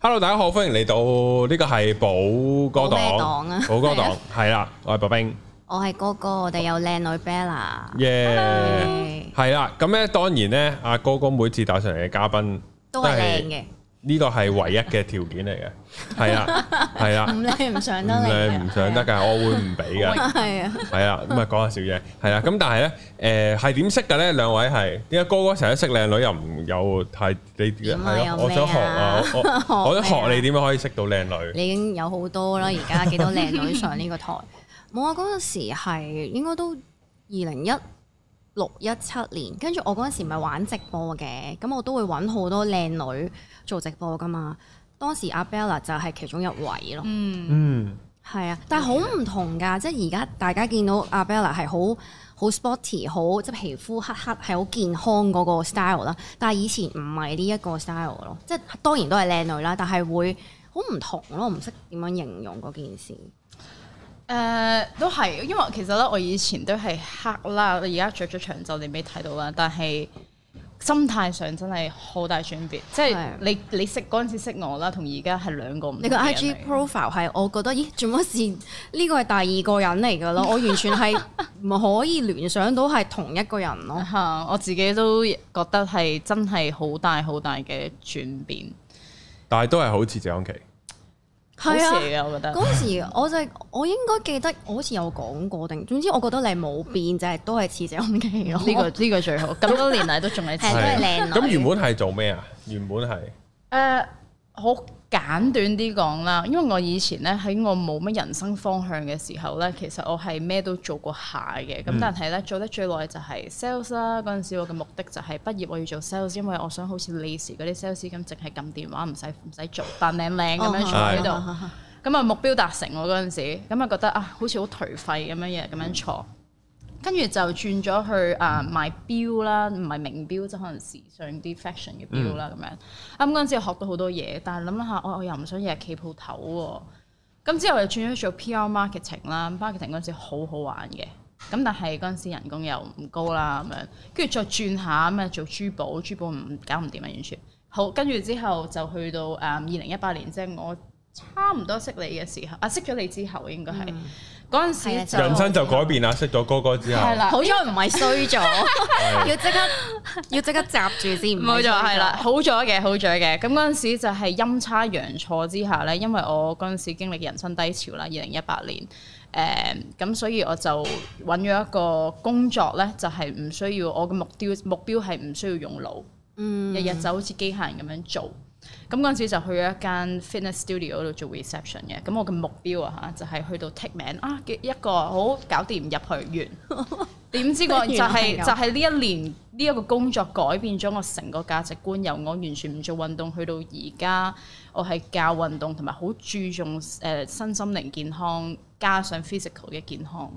Hello，大家好，歡迎嚟到呢個係寶藥黨。咩黨啊？寶藥黨係啦，我係白兵，我係歌歌，我哋有靚女 Bella，耶 Yeah, Hi.！係啦。咁咧，當然呢，阿歌歌每次帶上嚟嘅嘉賓都係靚嘅。呢個係唯一嘅條件嚟嘅，係啊，係啊，咁你唔上得，唔上得㗎，我會唔俾㗎，係啊，係啊，咁啊講下少嘢，係啊，咁但係咧，誒係點識嘅咧？兩位係點解哥哥成日識靚女又唔有太你？點啊？有咩啊？我想學啊，我想學你點樣可以識到靚女。你已經有好多啦，而家幾多靚女上呢個台？冇啊，嗰陣時係應該都二零一六一七年，跟住我嗰陣時咪玩直播嘅，咁我都會揾好多靚女做直播噶嘛。當時阿 Bella 就係其中一位咯。嗯，係啊，但係好唔同㗎，即係而家大家見到阿 Bella 係好好 sporty，好即係皮膚黑黑係好健康嗰個 style 啦。但係以前唔係呢一個 style 咯，即係當然都係靚女啦，但係會好唔同咯，我唔識點樣形容嗰件事。誒、呃、都係，因為其實咧，我以前都係黑啦，我而家着咗長袖，你未睇到啦。但係心態上真係好大轉變，的即係你你識嗰陣時識我啦，同而家係兩個唔同嘅人嚟。你個 I G profile 係我覺得，咦？做乜事呢個係第二個人嚟㗎咯？我完全係唔可以聯想到係同一個人咯。嚇 我自己都覺得係真係好大好大嘅轉變。但係都係好似謝安琪。係啊，我覺得嗰陣時我就係、是、 我應該記得，我好似有講過定，總之我覺得你冇變，就係、是、都係似謝安琪咯。呢、這個呢、這個最好，咁 多年嚟、 啊、都仲係都係靚女。咁原本係做咩啊？原本係誒、呃、好。簡短啲講啦，因為我以前咧喺我冇乜人生方向嘅時候咧，其實我係咩都做過下嘅，咁、嗯、但係咧做得最耐就係 sales 啦。嗰陣時我嘅目的就係畢業我要做 sales，因為我想好似李時嗰啲 sales 咁，淨係撳電話，唔使唔使做，扮靚靚咁樣坐喺度。咁啊、哦嗯嗯嗯嗯、目標達成喎嗰陣時，咁啊覺得啊好似好頹廢咁樣嘢，咁樣坐。嗯跟住就轉咗去啊賣表啦，唔係名表，即可能時尚啲 fashion 嘅表啦咁樣。啱嗰陣時學到好多嘢，但係諗諗下，我我又唔想日日企鋪頭喎。咁之後又轉咗做 PR marketing 啦，marketing 嗰陣時好好玩嘅。咁但係嗰陣時人工又唔高啦咁樣，跟住再轉下咪做珠寶，珠寶唔搞唔掂啊完全。好，跟住之後就去到誒二零一八年，即係我差唔多識你嘅時候，啊識咗你之後應該係。嗰陣時，人生就改變啦！識咗哥哥之後，係啦，好彩唔係衰咗，要即刻要即刻擸住先。冇錯，係啦，好咗嘅，好咗嘅。咁嗰陣時就係陰差陽錯之下咧，因為我嗰陣時經歷人生低潮啦，二零一八年。誒、嗯，咁所以我就揾咗一個工作咧，就係唔需要我嘅目標目標係唔需要用腦，日日、嗯、就好似機械人咁樣做。咁嗰陣時就去咗一間 fitness studio 度做 reception 嘅，咁我嘅目標啊嚇就係去到 take 名啊，一個好搞掂入去完。點 知個就係、係、就係呢一年呢一、個工作改變咗我成個價值觀，由我完全唔做運動去到而家，我係教運動同埋好注重誒身心靈健康，加上 physical 嘅健康，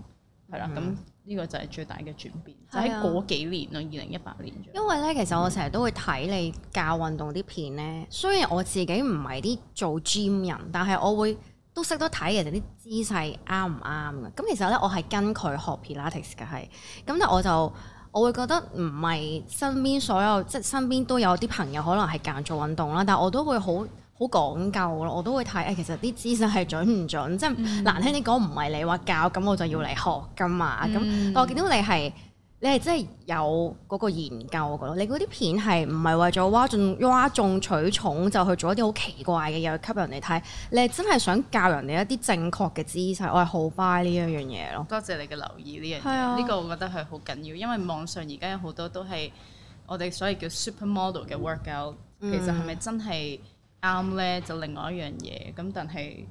係啦咁。嗯嗯。呢個就係最大嘅轉變，啊、就喺嗰幾年咯，二零一八年。因為咧，其實我成日都會睇你教運動啲片呢。雖然我自己唔係啲做 gym 人，但係我會都識得睇人哋啲姿勢啱唔啱嘅。咁其實呢，我係跟佢學 pilates 嘅係。咁咧我就我會覺得唔係身邊所有，即係身邊都有啲朋友可能係教做運動啦，但我都會好好講究咯，我都會睇、哎。其實啲姿勢係準唔準，即係、嗯、難聽啲講，唔係你話教，咁我就要嚟學噶嘛。咁、嗯、我見到你係，你係真係有嗰個研究噶咯。你嗰啲片係唔係為咗嘩眾嘩眾取寵，就去做一啲好奇怪嘅嘢去吸引人哋睇？你係真係想教人哋一啲正確嘅姿勢，我係好 buy 呢一樣嘢咯。多謝你嘅留意呢樣嘢，呢、啊、個我覺得係好緊要，因為網上而家有好多都係我哋所謂叫 super model 嘅 workout，其實係咪真係？嗯 啱咧就另外一樣嘢咁，但係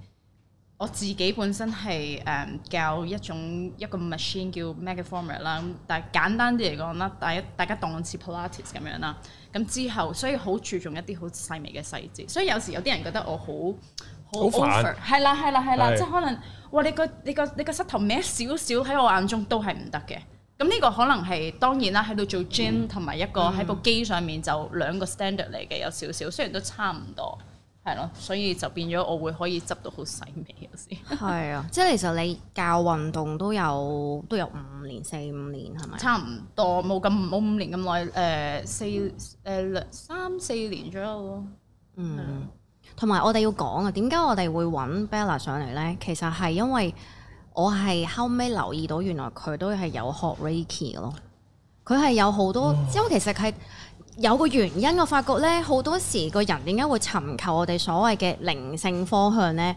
我自己本身係誒、嗯、教一種一個 machine 叫 Megaformer 啦，但係簡單啲嚟講啦，大家大家當係 Pilates 咁樣啦，咁之後所以好注重一啲好細微嘅細節，所以有時有啲人覺得我好好 over 係啦係啦係啦，啦啦是即係可能哇你個你個你個膝頭歪少少喺我眼中都係唔得嘅。咁呢個可能係當然啦喺度做 gym 同埋一個喺部機上面就兩個 standard 嚟嘅有少少，雖然都差唔多。係咯，所以就變咗我會可以執到好細微有時。係啊，即係其實你教運動都有都有五年四五年係咪？差唔多，冇咁冇五年咁耐誒四誒兩三四年左右咯。嗯，同埋我哋要講啊，點解我哋會揾 Bella 上嚟咧？其實係因為我係後尾留意到原來佢都係有學 Reiki 咯，佢係有好多，嗯、即係其實係。有個原因，我發覺咧，好多時個人點解會尋求我哋所謂嘅靈性方向呢？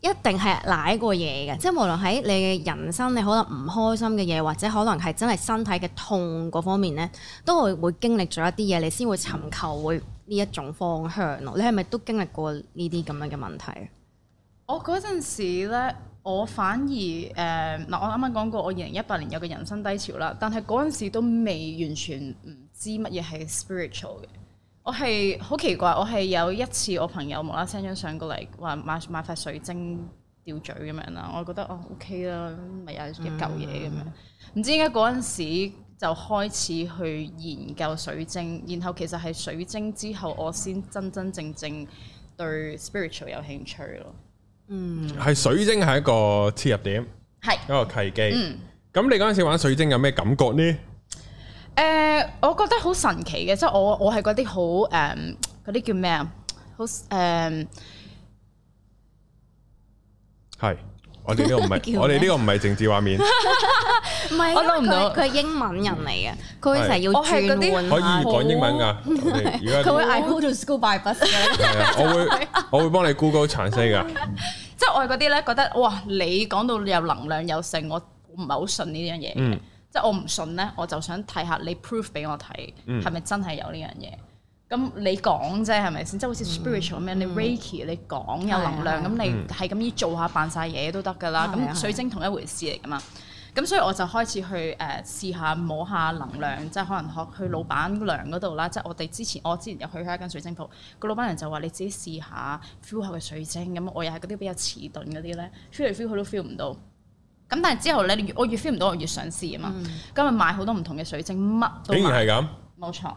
一定係賴過嘢嘅，即係無論喺你嘅人生，你可能唔開心嘅嘢，或者可能係真係身體嘅痛嗰方面呢，都會會經歷咗一啲嘢，你先會尋求會呢一種方向咯。你係咪都經歷過呢啲咁樣嘅問題？我嗰陣時咧，我反而誒嗱、呃，我啱啱講過我二零一八年有個人生低潮啦，但係嗰陣時都未完全唔知乜嘢係 spiritual 嘅？我係好奇怪，我係有一次我朋友無啦啦 send 張相過嚟，話買買塊水晶吊墜咁樣啦，我覺得哦 OK 啦，咪又係一嚿嘢咁樣。唔、嗯、知點解嗰陣時就開始去研究水晶，然後其實係水晶之後，我先真真正正對 spiritual 有興趣咯。嗯，係水晶係一個切入點，係一個契機。嗯，咁你嗰陣時玩水晶有咩感覺呢？誒，我覺得好神奇嘅，即係我我係嗰啲好誒，嗰啲叫咩啊？好誒，係我哋呢個唔係我哋呢個唔係政治畫面，唔係，我諗唔到佢係英文人嚟嘅，佢成日要我係嗰啲可以講英文噶，佢會 I go to school by bus，我會我會幫你 Google 查聲噶，即係我係嗰啲咧覺得哇，你講到有能量有性，我唔係好信呢樣嘢嘅。即係我唔信咧，我就想睇下你 proof 俾我睇，係咪、嗯、真係有呢樣嘢？咁你講啫，係咪先？即係好似 spiritual 咩？嗯、你 reiki 你講有能量，咁、嗯、你係咁依做下扮晒嘢都得㗎啦。咁水晶同一回事嚟㗎嘛。咁所以我就開始去誒、呃、試下摸下能量，即係可能學去老闆娘嗰度啦。嗯、即係我哋之前，我之前入去開一間水晶鋪，個老闆娘就話你自己試下 feel 下個水晶。咁我又係嗰啲比較遲鈍嗰啲咧，feel 嚟 feel 去都 feel 唔到。咁但係之後咧，越我越 feel 唔到，我越想試啊嘛。咁咪、嗯、買好多唔同嘅水晶，乜都買。竟然係咁，冇錯。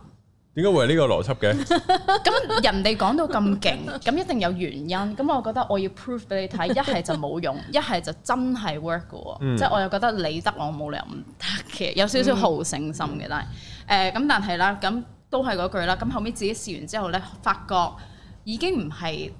點解會係呢個邏輯嘅？咁 人哋講到咁勁，咁一定有原因。咁我覺得我要 proof 俾你睇，一係就冇用，一係就真係 work 嘅。即係我又覺得你得，我冇理由唔得嘅，有少少好勝心嘅、嗯。但係誒咁，但係啦，咁都係嗰句啦。咁後尾自己試完之後咧，發覺已經唔係。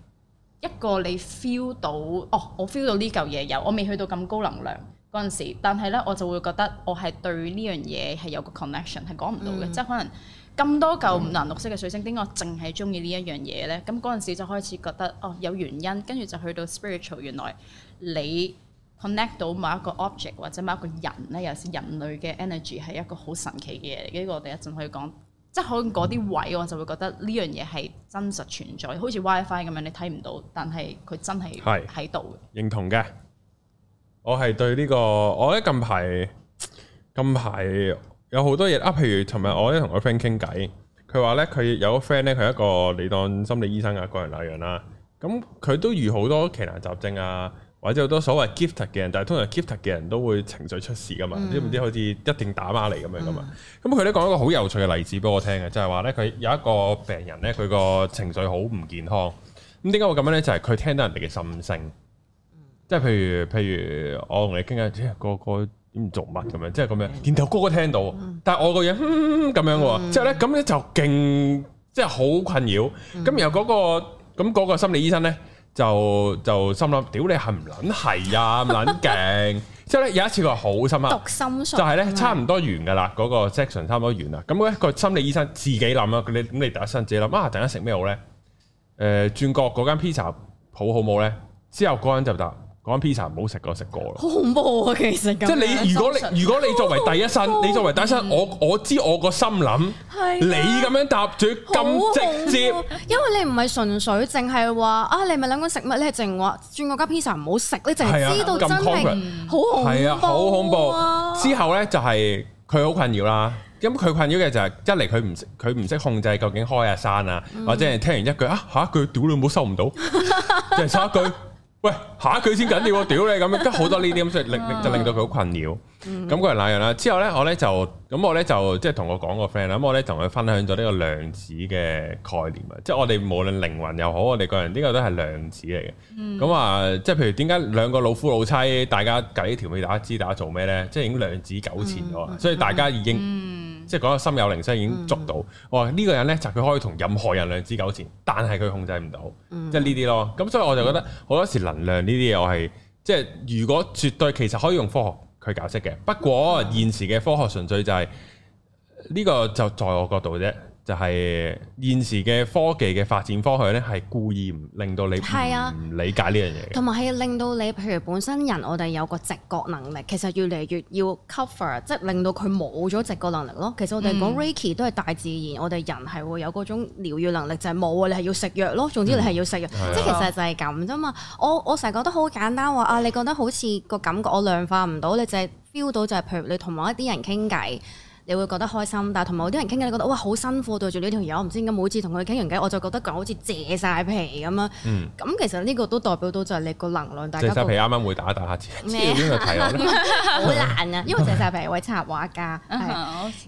一個你 feel 到哦，我 feel 到呢嚿嘢有，我未去到咁高能量嗰陣時，但係呢，我就會覺得我係對呢樣嘢係有個 connection 係講唔到嘅，嗯、即係可能咁多嚿五顏六色嘅水晶，點解、嗯、我淨係中意呢一樣嘢呢？咁嗰陣時就開始覺得哦，有原因，跟住就去到 spiritual，原來你 connect 到某一個 object 或者某一個人呢，又是人類嘅 energy 係一個好神奇嘅嘢，呢、這個我哋一陣可以講。即係可能嗰啲位，我就會覺得呢樣嘢係真實存在，好似 WiFi 咁樣你睇唔到，但係佢真係喺度。認同嘅，我係對呢個。我覺得近排近排有好多嘢啊，譬如尋日我咧同個 friend 傾偈，佢話咧佢有個 friend 咧佢係一個你當心理醫生嘅個人那樣啦。咁佢都遇好多奇難雜症啊！或者好多所謂 gifted 嘅人，但係通常 gifted 嘅人都會情緒出事噶嘛，嗯、知唔知？好似一定打孖嚟咁樣噶嘛。咁佢咧講一個好有趣嘅例子俾我聽嘅，就係話咧，佢有一個病人咧，佢個情緒好唔健康。咁點解會咁樣咧？就係、是、佢聽到人哋嘅心聲，即、就、係、是、譬如譬如我同你傾啊，即係個個做乜咁樣，即係咁樣，然後個個聽到，嗯、但係我個樣咁樣喎。之後咧咁咧就勁，即係好困擾。咁然後嗰個咁嗰、那個心理醫生咧。就就心諗，屌你係唔撚係啊，撚勁！ 之後咧有一次佢好心啊，讀心術就係咧差唔多完噶啦，嗰、嗯、個 section 差唔多完啦。咁、那、咧個心理醫生自己諗啊，你咁你第一身自己諗啊，突然間食咩好咧？誒轉角嗰間 pizza 鋪好冇咧？之後嗰個人就答：講 pizza 唔好食，我食過啦。好恐怖啊！其實即係你，信如果你如果你作為第一身，你作為第一身，我我知我個心諗，啊、你咁樣答住咁直接，因為你唔係純粹淨係話啊，你咪諗緊食物，你係淨係話轉嗰間 pizza 唔好食？你淨係知道咁係唔好係啊，好恐怖、啊、恐怖之後咧就係佢好困擾啦。咁佢困擾嘅就係一嚟佢唔識，佢唔識控制究竟開下山啊，嗯、或者係聽完一句啊下一句屌你冇收唔到，即係差一句。 喂，嚇佢先緊要，屌你咁樣，跟好多呢啲咁，所以令令就令到佢好困擾。咁個人哪樣啦？嗯、之後咧，我咧就咁我咧就即係同我講個 friend 啦，咁我咧同佢分享咗呢個量子嘅概念啊，即、就、係、是、我哋無論靈魂又好，我哋個人呢個都係量子嚟嘅。咁話即係譬如點解兩個老夫老妻，大家隔啲條大家知大家做咩咧？即係已經量子糾纏咗，嗯、所以大家已經。嗯嗯即係講心有靈犀已經捉到，哇、嗯！呢個人呢，就佢、是、可以同任何人量子糾纏，但係佢控制唔到，即係呢啲咯。咁所以我就覺得好多時能量呢啲嘢，我係即係如果絕對其實可以用科學去解釋嘅，不過現時嘅科學純粹就係、是、呢、這個就在我角度啫。就係現時嘅科技嘅發展方向咧，係故意唔令到你係啊，唔理解呢樣嘢同埋係令到你，譬如本身人我哋有個直覺能力，其實越嚟越要 cover，即係令到佢冇咗直覺能力咯。其實我哋講 reiki 都係大自然，我哋人係會有嗰種療愈能力，就係冇啊，你係要食藥咯。總之你係要食藥，即係其實就係咁啫嘛。我我成日覺得好簡單話啊，你覺得好似個感覺我量化唔到，你就係 feel 到就係、是、譬如你同某一啲人傾偈。你會覺得開心，但係同埋有啲人傾偈，你覺得哇好辛苦對住呢條友，唔知點解每次同佢傾完偈，我就覺得講好似謝曬皮咁樣！咁、嗯、其實呢個都代表到就係你個能量。謝曬皮啱啱會打打下字，你應該睇啦。好難啊，因為謝曬皮係位插畫家，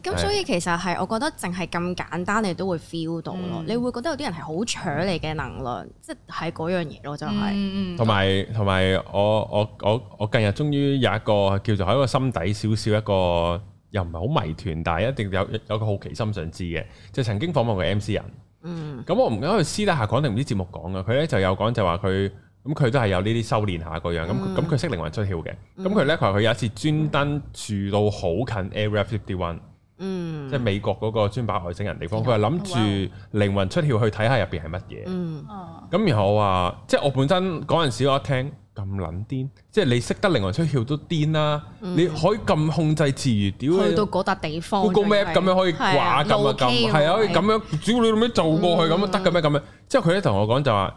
咁，所以其實係我覺得淨係咁簡單，你都會 feel 到咯。嗯、你會覺得有啲人係好搶你嘅能量，即係嗰樣嘢咯，就係、嗯。同埋同埋我我我我近日終於有一個叫做喺個心底少少，少一個。一個又唔係好迷團，但係一定有有個好奇心想知嘅，就是、曾經訪問過 M.C 人。咁、嗯嗯、我唔知佢私底下講定唔知節目講嘅。佢呢就有講就話佢咁佢都係有呢啲修煉下個樣，咁咁佢識靈魂出竅嘅。咁佢咧佢話佢有一次專登住到好近 Area Fifty One，即係美國嗰個專擺外星人地方，佢係諗住靈魂出竅去睇下入邊係乜嘢。咁、嗯嗯嗯、然後我話，即係我本身嗰陣時我一聽。咁撚癲，即係你識得靈魂出竅都癲啦！你可以咁控制自如，屌去到嗰笪地方，Google Map 咁樣可以掛咁啊咁，係啊，可以咁樣，只要你做過去咁樣得嘅咩咁樣？之後佢咧同我講就話，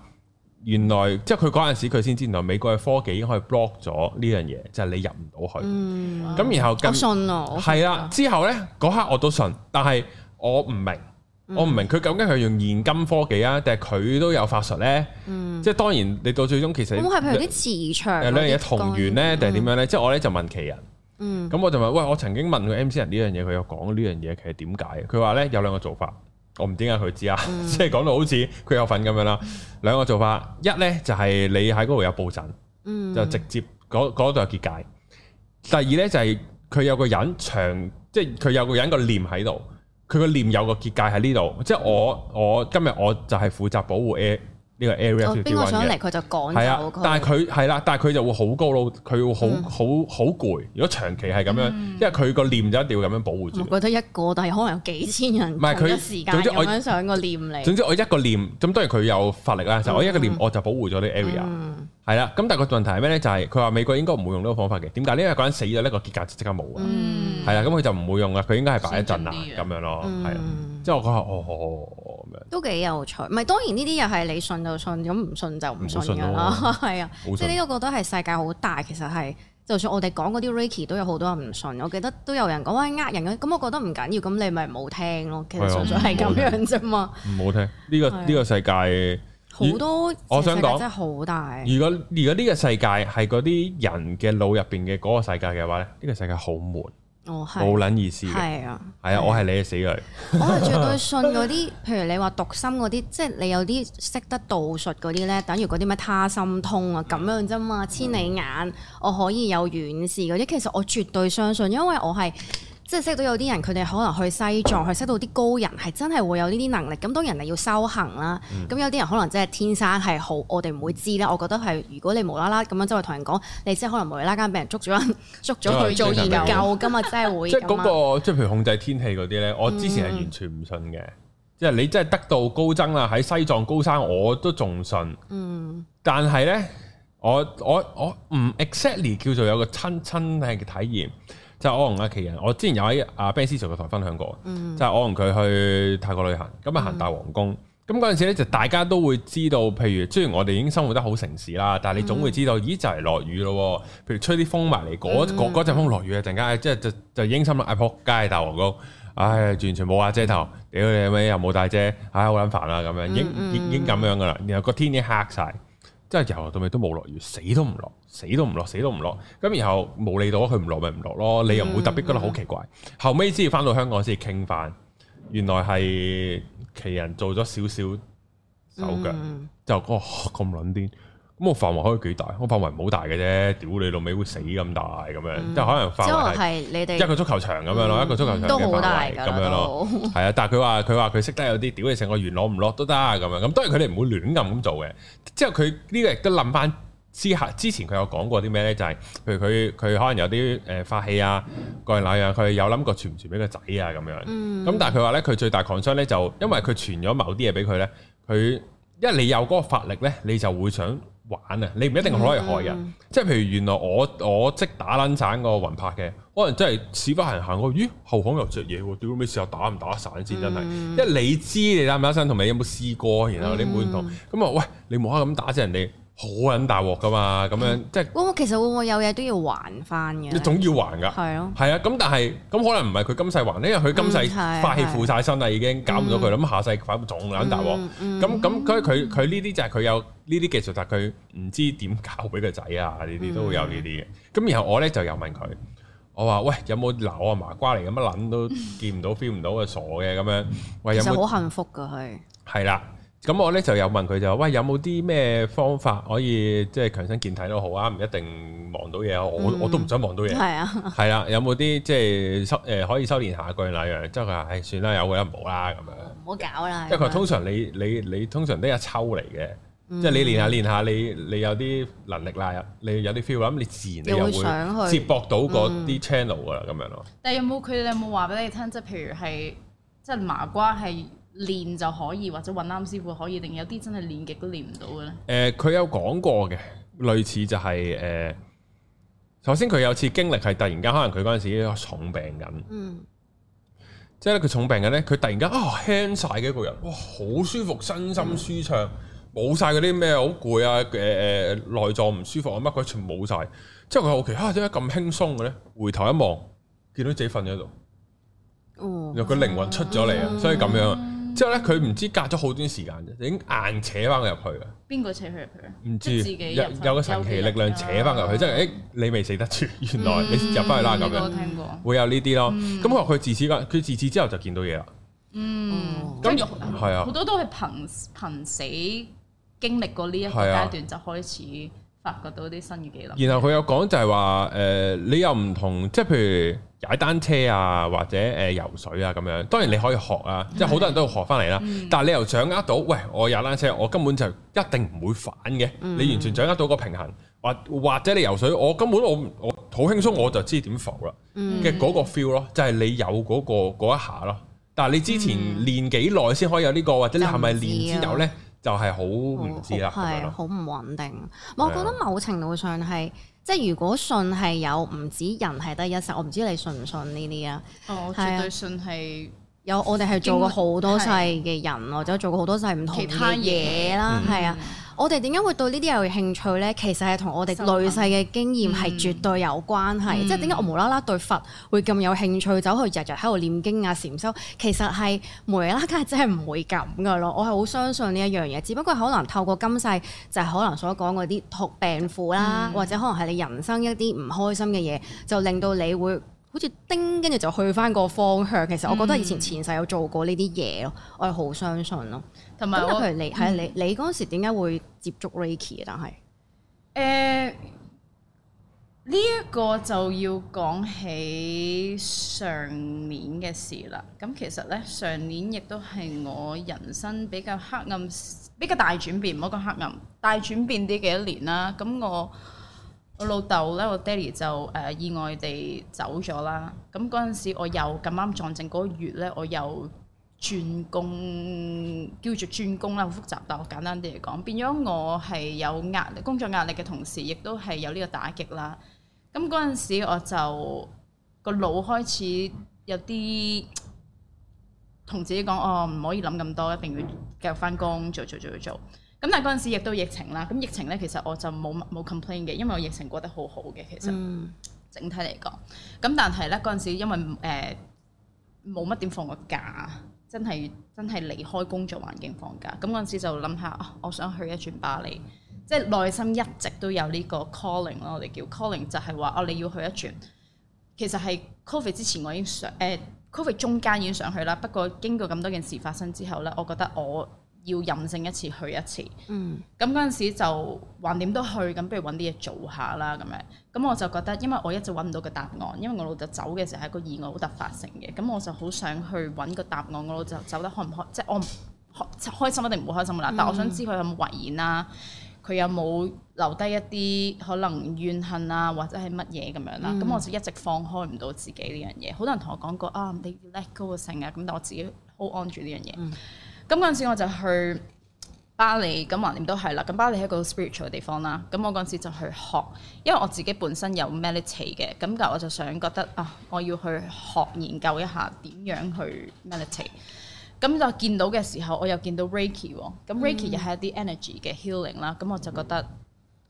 原來即係佢嗰陣時佢先知道美國嘅科技已經可以 block 咗呢樣嘢，就係你入唔到去。嗯，咁然後我信咯，係啦。之後咧嗰刻我都信，但係我唔明。我唔明佢究竟係用現今科技啊，定係佢都有法術咧？嗯、即係當然，你到最終其實，係咪有啲磁場，兩樣嘢同源咧，定係點樣咧？嗯、即係我咧就問其人，咁、嗯、我就問：喂，我曾經問過 M C 人呢樣嘢，佢有講呢樣嘢其實點解？佢話咧有兩個做法，我唔知點解佢知啊，嗯、即係講到好似佢有份咁樣啦。兩個做法，一咧就係、是、你喺嗰度有布陣，嗯、就直接嗰度有結界。第二咧就係、是、佢有個人長，即係佢有個人個念喺度。佢個念有個結界喺呢度，即係我我今日我就係負責保護 A。呢個 area 要照顧嘅，係啊！但係佢係啦，但係佢就會好高咯，佢會好好好攰。如果長期係咁樣，因為佢個念就一定要咁樣保護住。我覺得一個，但係可能有幾千人，唔係佢，總之我想上個念嚟。總之我一個念，咁當然佢有法力啦。我一個念，我就保護咗啲 area。係啦，咁但係個問題係咩咧？就係佢話美國應該唔會用呢個方法嘅。點解？因為個人死咗，呢個結界即刻冇啊。係啦，咁佢就唔會用啊。佢應該係擺一陣啊，咁樣咯。係啊，即我覺得都幾有趣，唔係，當然呢啲又係你信就信，咁唔信就唔信㗎啦，係啊，即係呢個覺得係世界好大，其實係，就算我哋講嗰啲 Ricky 都有好多人唔信，我記得都有人講話呃人嘅，咁我覺得唔緊要，咁你咪唔好聽咯，其實純粹係咁樣啫嘛。唔好聽呢個呢個世界好多，我想講真係好大。如果如果呢個世界係嗰啲人嘅腦入邊嘅嗰個世界嘅話咧，呢個世界好悶。冇撚意思，係啊、哦，係啊，我係你嘅死對。我係絕對信嗰啲，譬如你話讀心嗰啲，即係你有啲識得道術嗰啲咧，等於嗰啲咩他心通啊咁樣啫嘛，千里眼，嗯、我可以有遠視嗰啲，其實我絕對相信，因為我係。即係識到有啲人，佢哋可能去西藏，去識到啲高人，係真係會有呢啲能力。咁當然係要修行啦。咁、嗯、有啲人可能真係天生係好，我哋唔會知啦。我覺得係如果你無啦啦咁樣走去同人講，你即係可能無啦啦俾人捉咗，捉咗去做研究㗎嘛，真係會。即係嗰個即係譬如控制天氣嗰啲咧，我之前係完全唔信嘅。即係、嗯、你真係得到高僧啦，喺西藏高山我都仲信。嗯，但係咧，我我我唔 exactly 叫做有個親親體嘅體驗。sh them Luc 就我同阿奇人，我之前有喺阿 Benicio 台分享過，嗯、就我同佢去泰國旅行，咁啊行大皇宮，咁嗰陣時咧就大家都會知道，譬如雖然我哋已經生活得好城市啦，但係你總會知道，嗯、咦就嚟、係、落雨咯，譬如吹啲風埋嚟，嗰嗰陣風落雨啊陣間，即係就就已經心諗啊撲街大皇宮，唉完全冇遮頭，屌你咩又冇帶遮，唉好撚煩啊咁樣，已經、嗯嗯、已經咁樣噶啦，然後個天已經黑晒。真係由頭到尾都冇落雨，死都唔落，死都唔落，死都唔落。咁然後冇理到，佢唔落咪唔落咯。你又唔會特別覺得好奇怪。嗯、後尾先至翻到香港先傾返，原來係奇人做咗少少手腳，嗯、就嗰咁撚癲。哦咁我範圍可以幾大？我範圍唔好大嘅啫，屌你老尾會死咁大咁樣，嗯、即係可能範圍即係你哋一個足球場咁樣咯，嗯、一個足球場都，樣都好大咁樣咯，係啊！但係佢話佢話佢識得有啲屌你成個園攞唔落都得咁樣，咁當然佢哋唔會亂咁咁做嘅。之後佢呢、呢個亦都冧翻思考之前佢有講過啲咩咧？就係譬如佢佢可能有啲誒發氣啊，嗰樣嗰樣，佢有諗過傳唔傳俾個仔啊咁樣。咁、嗯、但係佢話咧，佢最大 concern 咧就因為佢傳咗某啲嘢俾佢咧，佢因為你有嗰個法力咧，你就會想。.玩啊！你唔一定可以害人，嗯、即係譬如原來我我即打捻散個魂魄嘅，可能真係屎忽行行過，咦後巷又着嘢喎，屌咩時候打唔打得散先真係，嗯、因為你知你打唔打得散，同埋有冇試過，然後你冇唔同，咁啊、嗯、喂，你唔好咁打死人哋。好撚大鑊噶嘛，咁樣即係。我其實我有嘢都要還翻嘅。你總要還噶。係咯。係啊，咁但係咁可能唔係佢今世還，因為佢今世發氣負曬身啦，已經搞唔到佢啦。咁下世反目總撚大鑊。咁咁，所以佢佢呢啲就係佢有呢啲技術，但係佢唔知點搞俾個仔啊，呢啲都會有呢啲嘅。咁然後我咧就又問佢，我話喂，有冇嗱我阿麻瓜嚟咁樣撚都見唔到 feel 唔到嘅傻嘅咁樣。其實好幸福噶係。係啦。咁我咧就有問佢就話：喂，有冇啲咩方法可以即係強身健體都好啊？唔一定忙到嘢、嗯，我我都唔想忙到嘢。係啊，係啦、啊啊，有冇啲即係修誒可以修練一下嗰樣那樣？即係佢話：唉、哎，算一個啦，有嘅就唔好啦咁樣。唔好搞啦！即係佢通常你你你，你通常都係抽嚟嘅，即係、嗯、你練下練下，你你有啲能力啦，你有啲 feel，咁你自然你又會接駁到嗰啲 channel 噶啦咁樣咯、嗯。但係有冇佢哋有冇話俾你聽？即係譬如係即係麻瓜係。練就可以，或者揾啱師傅可以，定有啲真係練極都練唔到嘅咧。誒、呃，佢有講過嘅，類似就係、是、誒、呃，首先佢有次經歷係突然間，可能佢嗰陣時重病緊，嗯，即係咧佢重病緊咧，佢突然間啊輕晒嘅一個人，哇，好舒服，身心舒暢，冇晒嗰啲咩好攰啊，誒、呃、誒內臟唔舒服、就是、OK，啊乜鬼全冇晒。」之後佢好奇吓點解咁輕鬆嘅咧？回頭一望，見到自己瞓咗喺度，哦、嗯，然後佢靈魂出咗嚟啊，所以咁樣。嗯。之後咧，佢唔知隔咗好短時間啫，已經硬扯翻佢入去啊！邊個扯佢入去啊？唔知有個神奇力量扯翻入去，即係誒你未死得住，原來你入翻去啦咁樣。我聽過會有呢啲咯。咁我佢自此佢自此之後就見到嘢啦。嗯，咁係啊，好多都係瀕瀕死經歷過呢一個階段就開始發覺到啲新嘅技能。然後佢有講就係話誒，你又唔同，即係譬如。踩單車啊，或者誒、呃、游水啊咁樣，當然你可以學啊，即係好多人都學翻嚟啦。嗯、但係你又掌握到，喂，我踩單車，我根本就一定唔會反嘅。嗯、你完全掌握到個平衡，或或者你游水，我根本我我好輕鬆，我就知點浮啦。嘅嗰、嗯、個 feel 咯，就係、係、你有嗰、嗰個嗰一下咯。但係你之前練幾耐先可以有呢、呢個，或者你係咪練之後呢，就係好唔知啦？係好唔對吧穩定。吧我覺得某程度上係。即係如果信係有唔止人係得一世，我唔知你信唔信呢啲啊？哦，我絕對信係、啊、有，我哋係做過好多世嘅人，啊、或者做過好多世唔同其他嘢啦，係啊。嗯我哋點解會對呢啲有興趣呢？其實係同我哋累世嘅經驗係絕對有關係。即係點解我無啦啦對佛會咁有興趣，走去日日喺度念經啊、禪修，其實係無啦啦，梗係真係唔會咁噶咯。我係好相信呢一樣嘢，只不過可能透過今世就係可能所講嗰啲託病苦啦，嗯、或者可能係你人生一啲唔開心嘅嘢，就令到你會。好似叮，跟住就去翻個方向。其實我覺得以前前世有做過呢啲嘢咯，嗯、我又好相信咯。同埋我係你，嗯、你，你嗰時點解會接觸 Reiki？但係誒呢一個就要講起上年嘅事啦。咁其實咧上年亦都係我人生比較黑暗，比較大轉變。唔好講黑暗，大轉變啲嘅一年啦。咁我我老豆咧，我爹哋就誒、呃、意外地走咗啦。咁嗰陣時，我又咁啱撞正嗰個月咧，我又轉工，叫做轉工啦，好複雜，但我簡單啲嚟講，變咗我係有壓力工作壓力嘅同時，亦都係有呢個打擊啦。咁嗰陣時我，我就個腦開始有啲同自己講：哦，唔可以諗咁多，一定要繼續翻工做做做做。做做做做。咁但係嗰陣時亦都疫情啦，咁疫情咧，其實我就冇冇 complain 嘅，因為我疫情過得好好嘅，其實、嗯、整體嚟講。咁但係咧，嗰陣時因為誒冇乜點放個假，真係真係離開工作環境放假。咁嗰陣時就諗下，啊、哦、我想去一轉巴黎，即係、嗯、內心一直都有呢個 calling 咯，我哋叫 calling 就係話啊你要去一轉。其實係 covid 之前我已經想誒 covid 中間已經想去啦，不過經過咁多件事發生之後咧，我覺得我。要任性一次去一次，咁嗰陣時就橫掂都去，咁不如揾啲嘢做下啦咁樣。咁我就覺得，因為我一直揾唔到個答案，因為我老豆走嘅時候係一個意外，好突發性嘅，咁我就好想去揾個答案。我老豆走得開唔開，即係我開心一定唔會開心噶啦。嗯、但我想知佢有冇遺言啊？佢有冇留低一啲可能怨恨啊，或者係乜嘢咁樣啦、啊？咁、嗯、我就一直放開唔到自己呢樣嘢。好多人同我講過啊，你要 let go 成啊，咁但我自己好安住呢樣嘢。嗯咁嗰陣時我就去巴黎，咁橫掂都係啦。咁巴黎係一個 spiritual 嘅地方啦。咁我嗰陣時就去學，因為我自己本身有 m e l i t y 嘅，咁嗱我就想覺得啊，我要去學研究一下點樣去 m e l i t y t 咁就見到嘅時候，我又見到 r i c k y 喎。咁 r i c k y 又係一啲 energy 嘅 healing 啦。咁我就覺得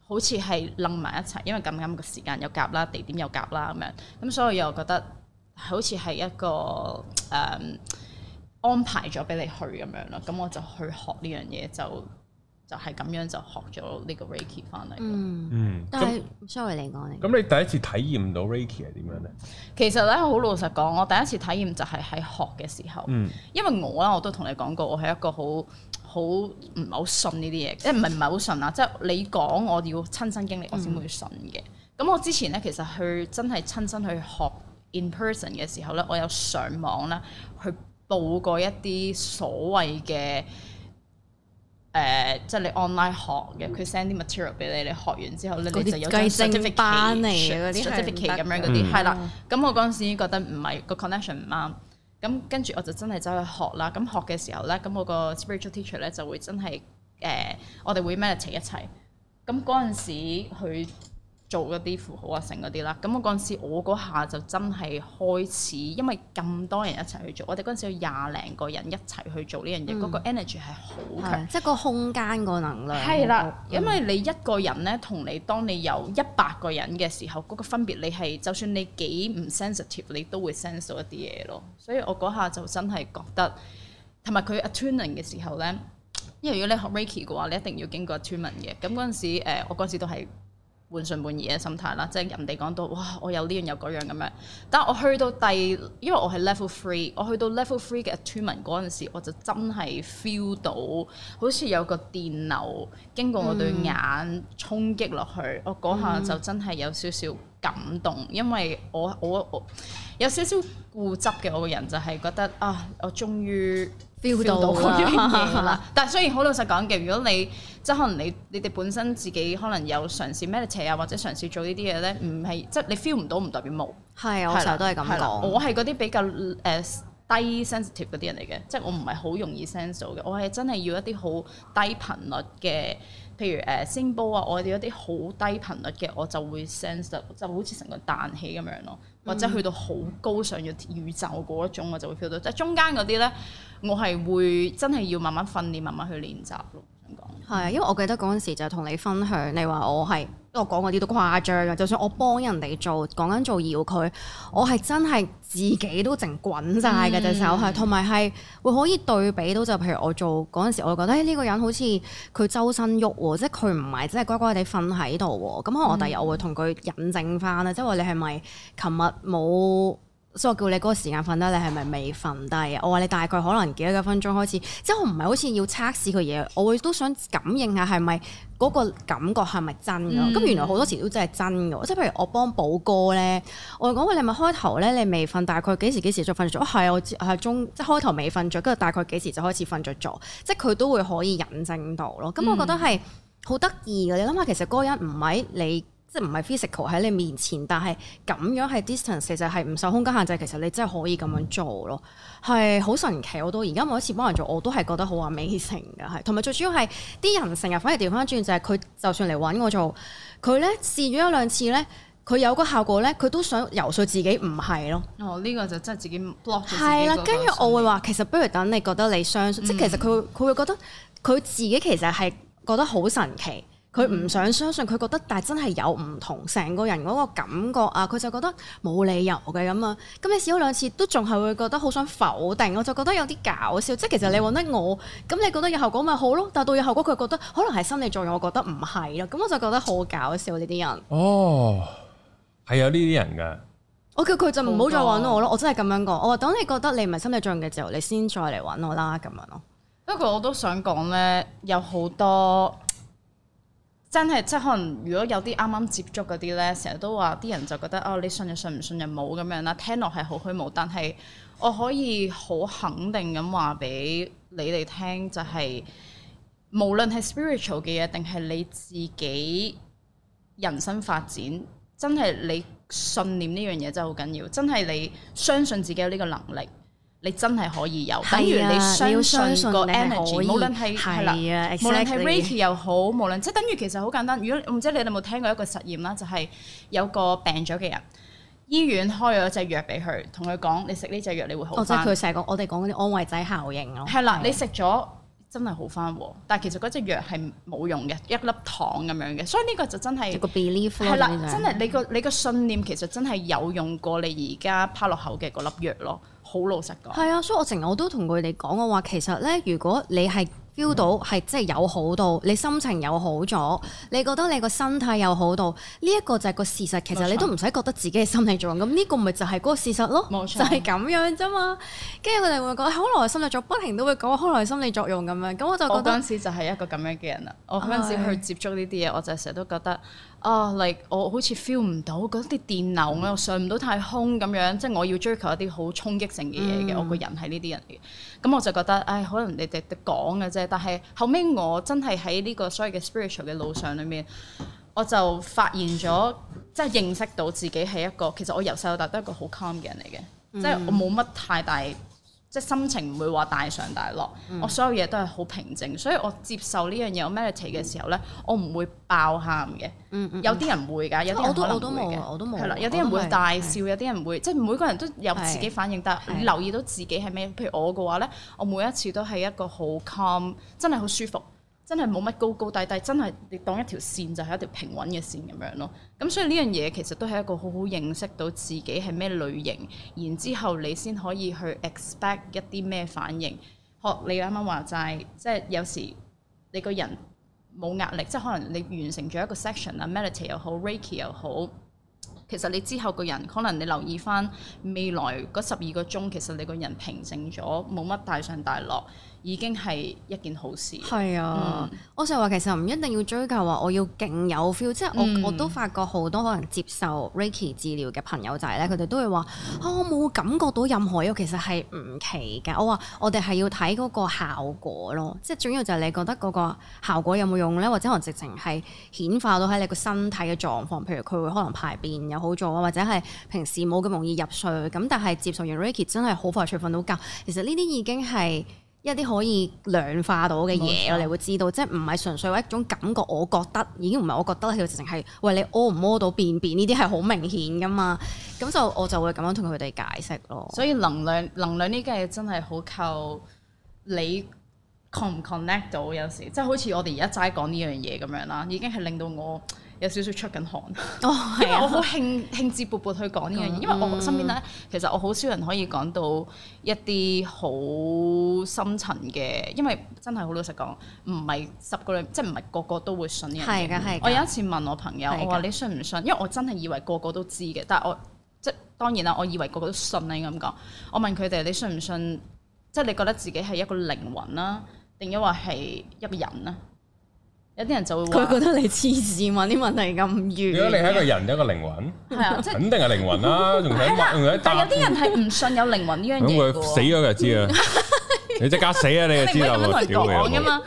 好似係冧埋一齊，因為咁啱個時間又夾啦，地點又夾啦咁樣。咁所以又覺得好似係一個誒。嗯安排咗俾你去咁樣咯，咁我就去學呢樣嘢，就就係、是、咁樣就學咗呢個 Reiki 翻嚟。嗯，但係唔該你嚟講你。咁你第一次體驗到 Reiki 係點樣呢？其實咧，好老實講，我第一次體驗就係喺學嘅時候。嗯、因為我啦，我都同你講過，我係一個好好唔係好信呢啲嘢，即係唔係唔係好信啊！即係你講，我要親身經歷，我先會信嘅。咁、嗯、我之前呢，其實去真係親身去學 in person 嘅時候呢，我有上網啦去。報過一啲所謂嘅誒、呃，即係你 online 學嘅，佢 send 啲 material 俾你，你學完之後咧，些你就有啲 certificate 班嚟嗰啲 certificate 咁樣嗰啲，係啦 certificate。咁、嗯、我嗰陣時覺得唔係個 connection 唔啱，咁跟住我就真係走去學啦。咁學嘅時候咧，咁我個 spiritual teacher 咧就會真係誒、呃，我哋會 manage 一齊。咁嗰陣時佢。做嗰啲符號啊，成嗰啲啦。咁我嗰陣時，我嗰下就真係開始，因為咁多人一齊去做，我哋嗰陣時有廿零個人一齊去做呢樣嘢，嗰、嗯、個 energy 係好強，即係個空間個能量。係啦的，因為你一個人咧，同你當你有一百個人嘅時候，嗰、那個分別你係，就算你幾唔 sensitive，你都會 sense 到一啲嘢咯。所以我嗰下就真係覺得，同埋佢 attune 嘅時候咧，因為如果你學 reiki 嘅話，你一定要經過 attune 嘅。咁嗰陣時，呃、我嗰陣時都係，半信半疑嘅心態啦，即係人哋講到哇，我有呢樣有嗰樣咁樣。但係我去到第，因為我係 level three，我去到 level three 嘅 attunement 嗰陣時，我就真係 feel 到好似有個電流經過我對眼衝擊落去。嗯、我嗰下就真係有少少感動，嗯、因為我我我有少少固執嘅我個人就係覺得啊，我終於～到，到 但係雖然好老實講嘅，如果你即係可能你你哋本身自己可能有嘗試 meditate 啊，或者嘗試做呢啲嘢呢，唔係即係你 feel 唔到，唔代表冇。係啊的的，我成日都係咁講。我係嗰啲比較誒、呃、低 sensitive 嗰啲人嚟嘅，即係我唔係好容易 sense 到嘅。我係真係要一啲好低頻率嘅，譬如誒聲波啊，uh, symbol, 我哋一啲好低頻率嘅，我就會 sense 到，就好似成個彈起咁樣咯。或者去到好高上咗宇宙嗰一種，我就會 feel 到。即係中間嗰啲咧，我係會真係要慢慢訓練，慢慢去練習咯。我想講，係啊，因為我記得嗰陣時就同你分享，你話我係。我講嗰啲都誇張嘅，就算我幫人哋做講緊做搖佢，我係真係自己都整滾晒嘅隻手，係同埋係會可以對比到，就譬如我做嗰陣時，我覺得呢、欸呢個人好似佢周身喐喎，即係佢唔係真係乖乖哋瞓喺度喎。咁可能我第日我會同佢引證翻喇，嗯、即係話你係咪琴日冇？所以我叫你嗰個時間瞓得，你係咪未瞓？但係我話你大概可能幾多幾分鐘開始，即係我唔係好似要測試佢嘢，我會都想感應下係咪嗰個感覺係咪真㗎？咁、嗯、原來好多時都真係真㗎。即係譬如我幫寶哥咧，我講喂，你係咪開頭咧你未瞓？大概幾時幾時再瞓著？哦、啊、係，我係中即係開頭未瞓著，跟住大概幾時就開始瞓著咗？即係佢都會可以引證到咯。咁、嗯、我覺得係好得意嘅。你諗下，其實個人唔係你。即係唔係 physical 喺你面前，但係咁樣係 distance，其實係唔受空間限制。其實你真係可以咁樣做咯，係好、嗯、神奇。我到而家每一次幫人做，我都係覺得好話美成㗎，係同埋最主要係啲人成日反而調翻轉，就係、係、佢就算嚟揾我做，佢咧試咗一兩次咧，佢有個效果咧，佢都想游說自己唔係咯。哦，呢、呢個就真係自己 block 啦，跟住、啊、我會話，其實不如等你覺得你相信，嗯、即係其實佢佢會覺得佢自己其實係覺得好神奇。佢唔想相信，佢覺得但係真係有唔同，成個人嗰個感覺啊，佢就覺得冇理由嘅咁啊。咁你試咗兩次都仲係會覺得好想否定，我就覺得有啲搞笑。即係其實你揾得我，咁你覺得有效果咪好咯？但到有效果佢覺得可能係心理作用，我覺得唔係咯。咁我就覺得好搞笑呢啲人。哦，係有呢啲人㗎。我叫佢就唔好再揾我咯。我真係咁樣講。我話等你覺得你唔係心理作用嘅時候，你先再嚟揾我啦。咁樣咯。不過我都想講咧，有好多。真係，即係可能如果有啲啱啱接觸嗰啲咧，成日都話啲人就覺得哦，你信就信，唔信就冇咁樣啦。聽落係好虛無，但係我可以好肯定咁話俾你哋聽，就係、是、無論係 spiritual 嘅嘢定係你自己人生發展，真係你信念呢樣嘢真係好緊要，真係你相信自己有呢個能力。你真係可以有，等於你，、啊、你相信個 energy，無論係係啦，啊啊、無論係 Ricky 又好，無論即係等於其實好簡單。如果唔知你有冇聽過一個實驗啦，就係、是、有個病咗嘅人，醫院開咗隻藥俾佢，同佢講你食呢隻藥你會好。即係佢成日講我哋講嗰啲安慰劑效應咯。係啦、啊，啊、你食咗真係好翻喎，但係其實嗰隻藥係冇用嘅，一粒糖咁樣嘅。所以呢個就真係個 belief。係啦、啊，真係你個你個信念其實真係有用過你而家趴落口嘅嗰粒藥咯。好老實講，係啊，所以我成日我都同佢哋講我話，其實咧，如果你係 feel 到係即係有好到，mm hmm. 你心情有好咗，你覺得你個身體有好到，呢、這、一個就係個事實。錯其實你都唔使覺得自己係心理作用，咁呢個咪就係嗰個事實咯，錯就係咁樣啫嘛。跟住佢哋會講好耐心理作用，不停都會講好耐心理作用咁樣。咁我就覺得我嗰陣時就係一個咁樣嘅人啦。我嗰陣時去接觸呢啲嘢，唉我就成日都覺得。啊 l 我好似 feel 唔到，覺啲電流咧上唔到太空咁樣，即係我要追求一啲好衝擊性嘅嘢嘅，我個人係呢啲人嘅，咁我就覺得，唉，可能你哋講嘅啫。但係後尾我真係喺呢個所謂嘅 spiritual 嘅路上裏面，我就發現咗，即係認識到自己係一個其實我由細到大都一個好 calm 嘅人嚟嘅，即係我冇乜太大。即係心情唔會話大上大落，嗯、我所有嘢都係好平靜，所以我接受呢樣嘢 meditate 嘅時候咧，我唔會爆喊嘅、嗯嗯嗯。有啲人唔會㗎，有啲人我都我都冇，我都冇。係啦，有啲人會大笑，的有啲人會，即係每個人都有自己反應。但的留意到自己係咩？譬如我嘅話咧，我每一次都係一個好 calm，真係好舒服。真係冇乜高高低低，真係你當一條線就係一條平穩嘅線咁樣咯。咁所以呢樣嘢其實都係一個好好認識到自己係咩類型，然之後你先可以去 expect 一啲咩反應。學你啱啱話齋，即係有時你個人冇壓力，即係可能你完成咗一個 section 啊，meditate 又好，Reiki 又好，其實你之後個人可能你留意返未來嗰十二個鐘，其實你個人平靜咗，冇乜大上大落。已經係一件好事。係啊，嗯、我成日話其實唔一定要追究。話我要勁有 feel，即係我我都發覺好多可能接受 Ricky 治療嘅朋友仔咧，佢哋都會話啊、哦，我冇感覺到任何一個，其實係唔奇㗎。我話我哋係要睇嗰個效果咯，即係主要就係你覺得嗰個效果有冇用咧，或者可能直情係顯化到喺你個身體嘅狀況，譬如佢會可能排便有好咗啊，或者係平時冇咁容易入睡咁，但係接受完 Ricky 真係好快就瞓到覺。其實呢啲已經係一啲可以量化到嘅嘢，我哋冇錯會知道，即係唔係純粹話一種感覺，我覺得已經唔係我覺得啦，佢直情係喂，你屙唔屙到便便呢啲係好明顯㗎嘛，咁就我就會咁樣同佢哋解釋咯。 所以能量能量呢啲嘢真係好靠你能能 connect 唔 connect 到，有時即係、就是、好似我哋而家齋講呢樣嘢咁樣啦，已經係令到我。有少少出緊汗，哦、因為我好興興致勃勃去講呢樣嘢，嗯、因為我身邊咧其實我好少人可以講到一啲好深層嘅，因為真係好老實講，唔係十個女即係唔係個個都會信呢樣嘢。係我有一次問我朋友，的我話你信唔信？因為我真係以為個個都知嘅，但係我即係當然啦，我以為個個都信你咁講。我問佢哋你信唔信？即係你覺得自己係一個靈魂啦、啊，定抑或係一個人呢？有啲人就會佢覺得你黐線，問啲問題咁遠。如果你係一個人一個靈魂？係啊，即係肯定係靈魂啦，仲想問？但有啲人係唔信有靈魂呢樣嘢喎。咁佢死咗就知啦。你即刻死啊！你就知啦。唔可以咁樣嚟講㗎嘛。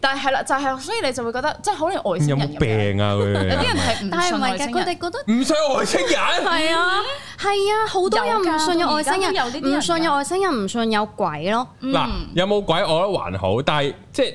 但係啦，就係所以你就會覺得即係可能外星人入嚟嘅。有病啊！咁樣有啲人係唔信外星人。但係唔係嘅，佢哋覺得唔信外星人係啊，係啊，好多人唔信有外星人，唔信有外星人，唔信有鬼咯。嗱，有冇鬼我覺得還好，但係即係。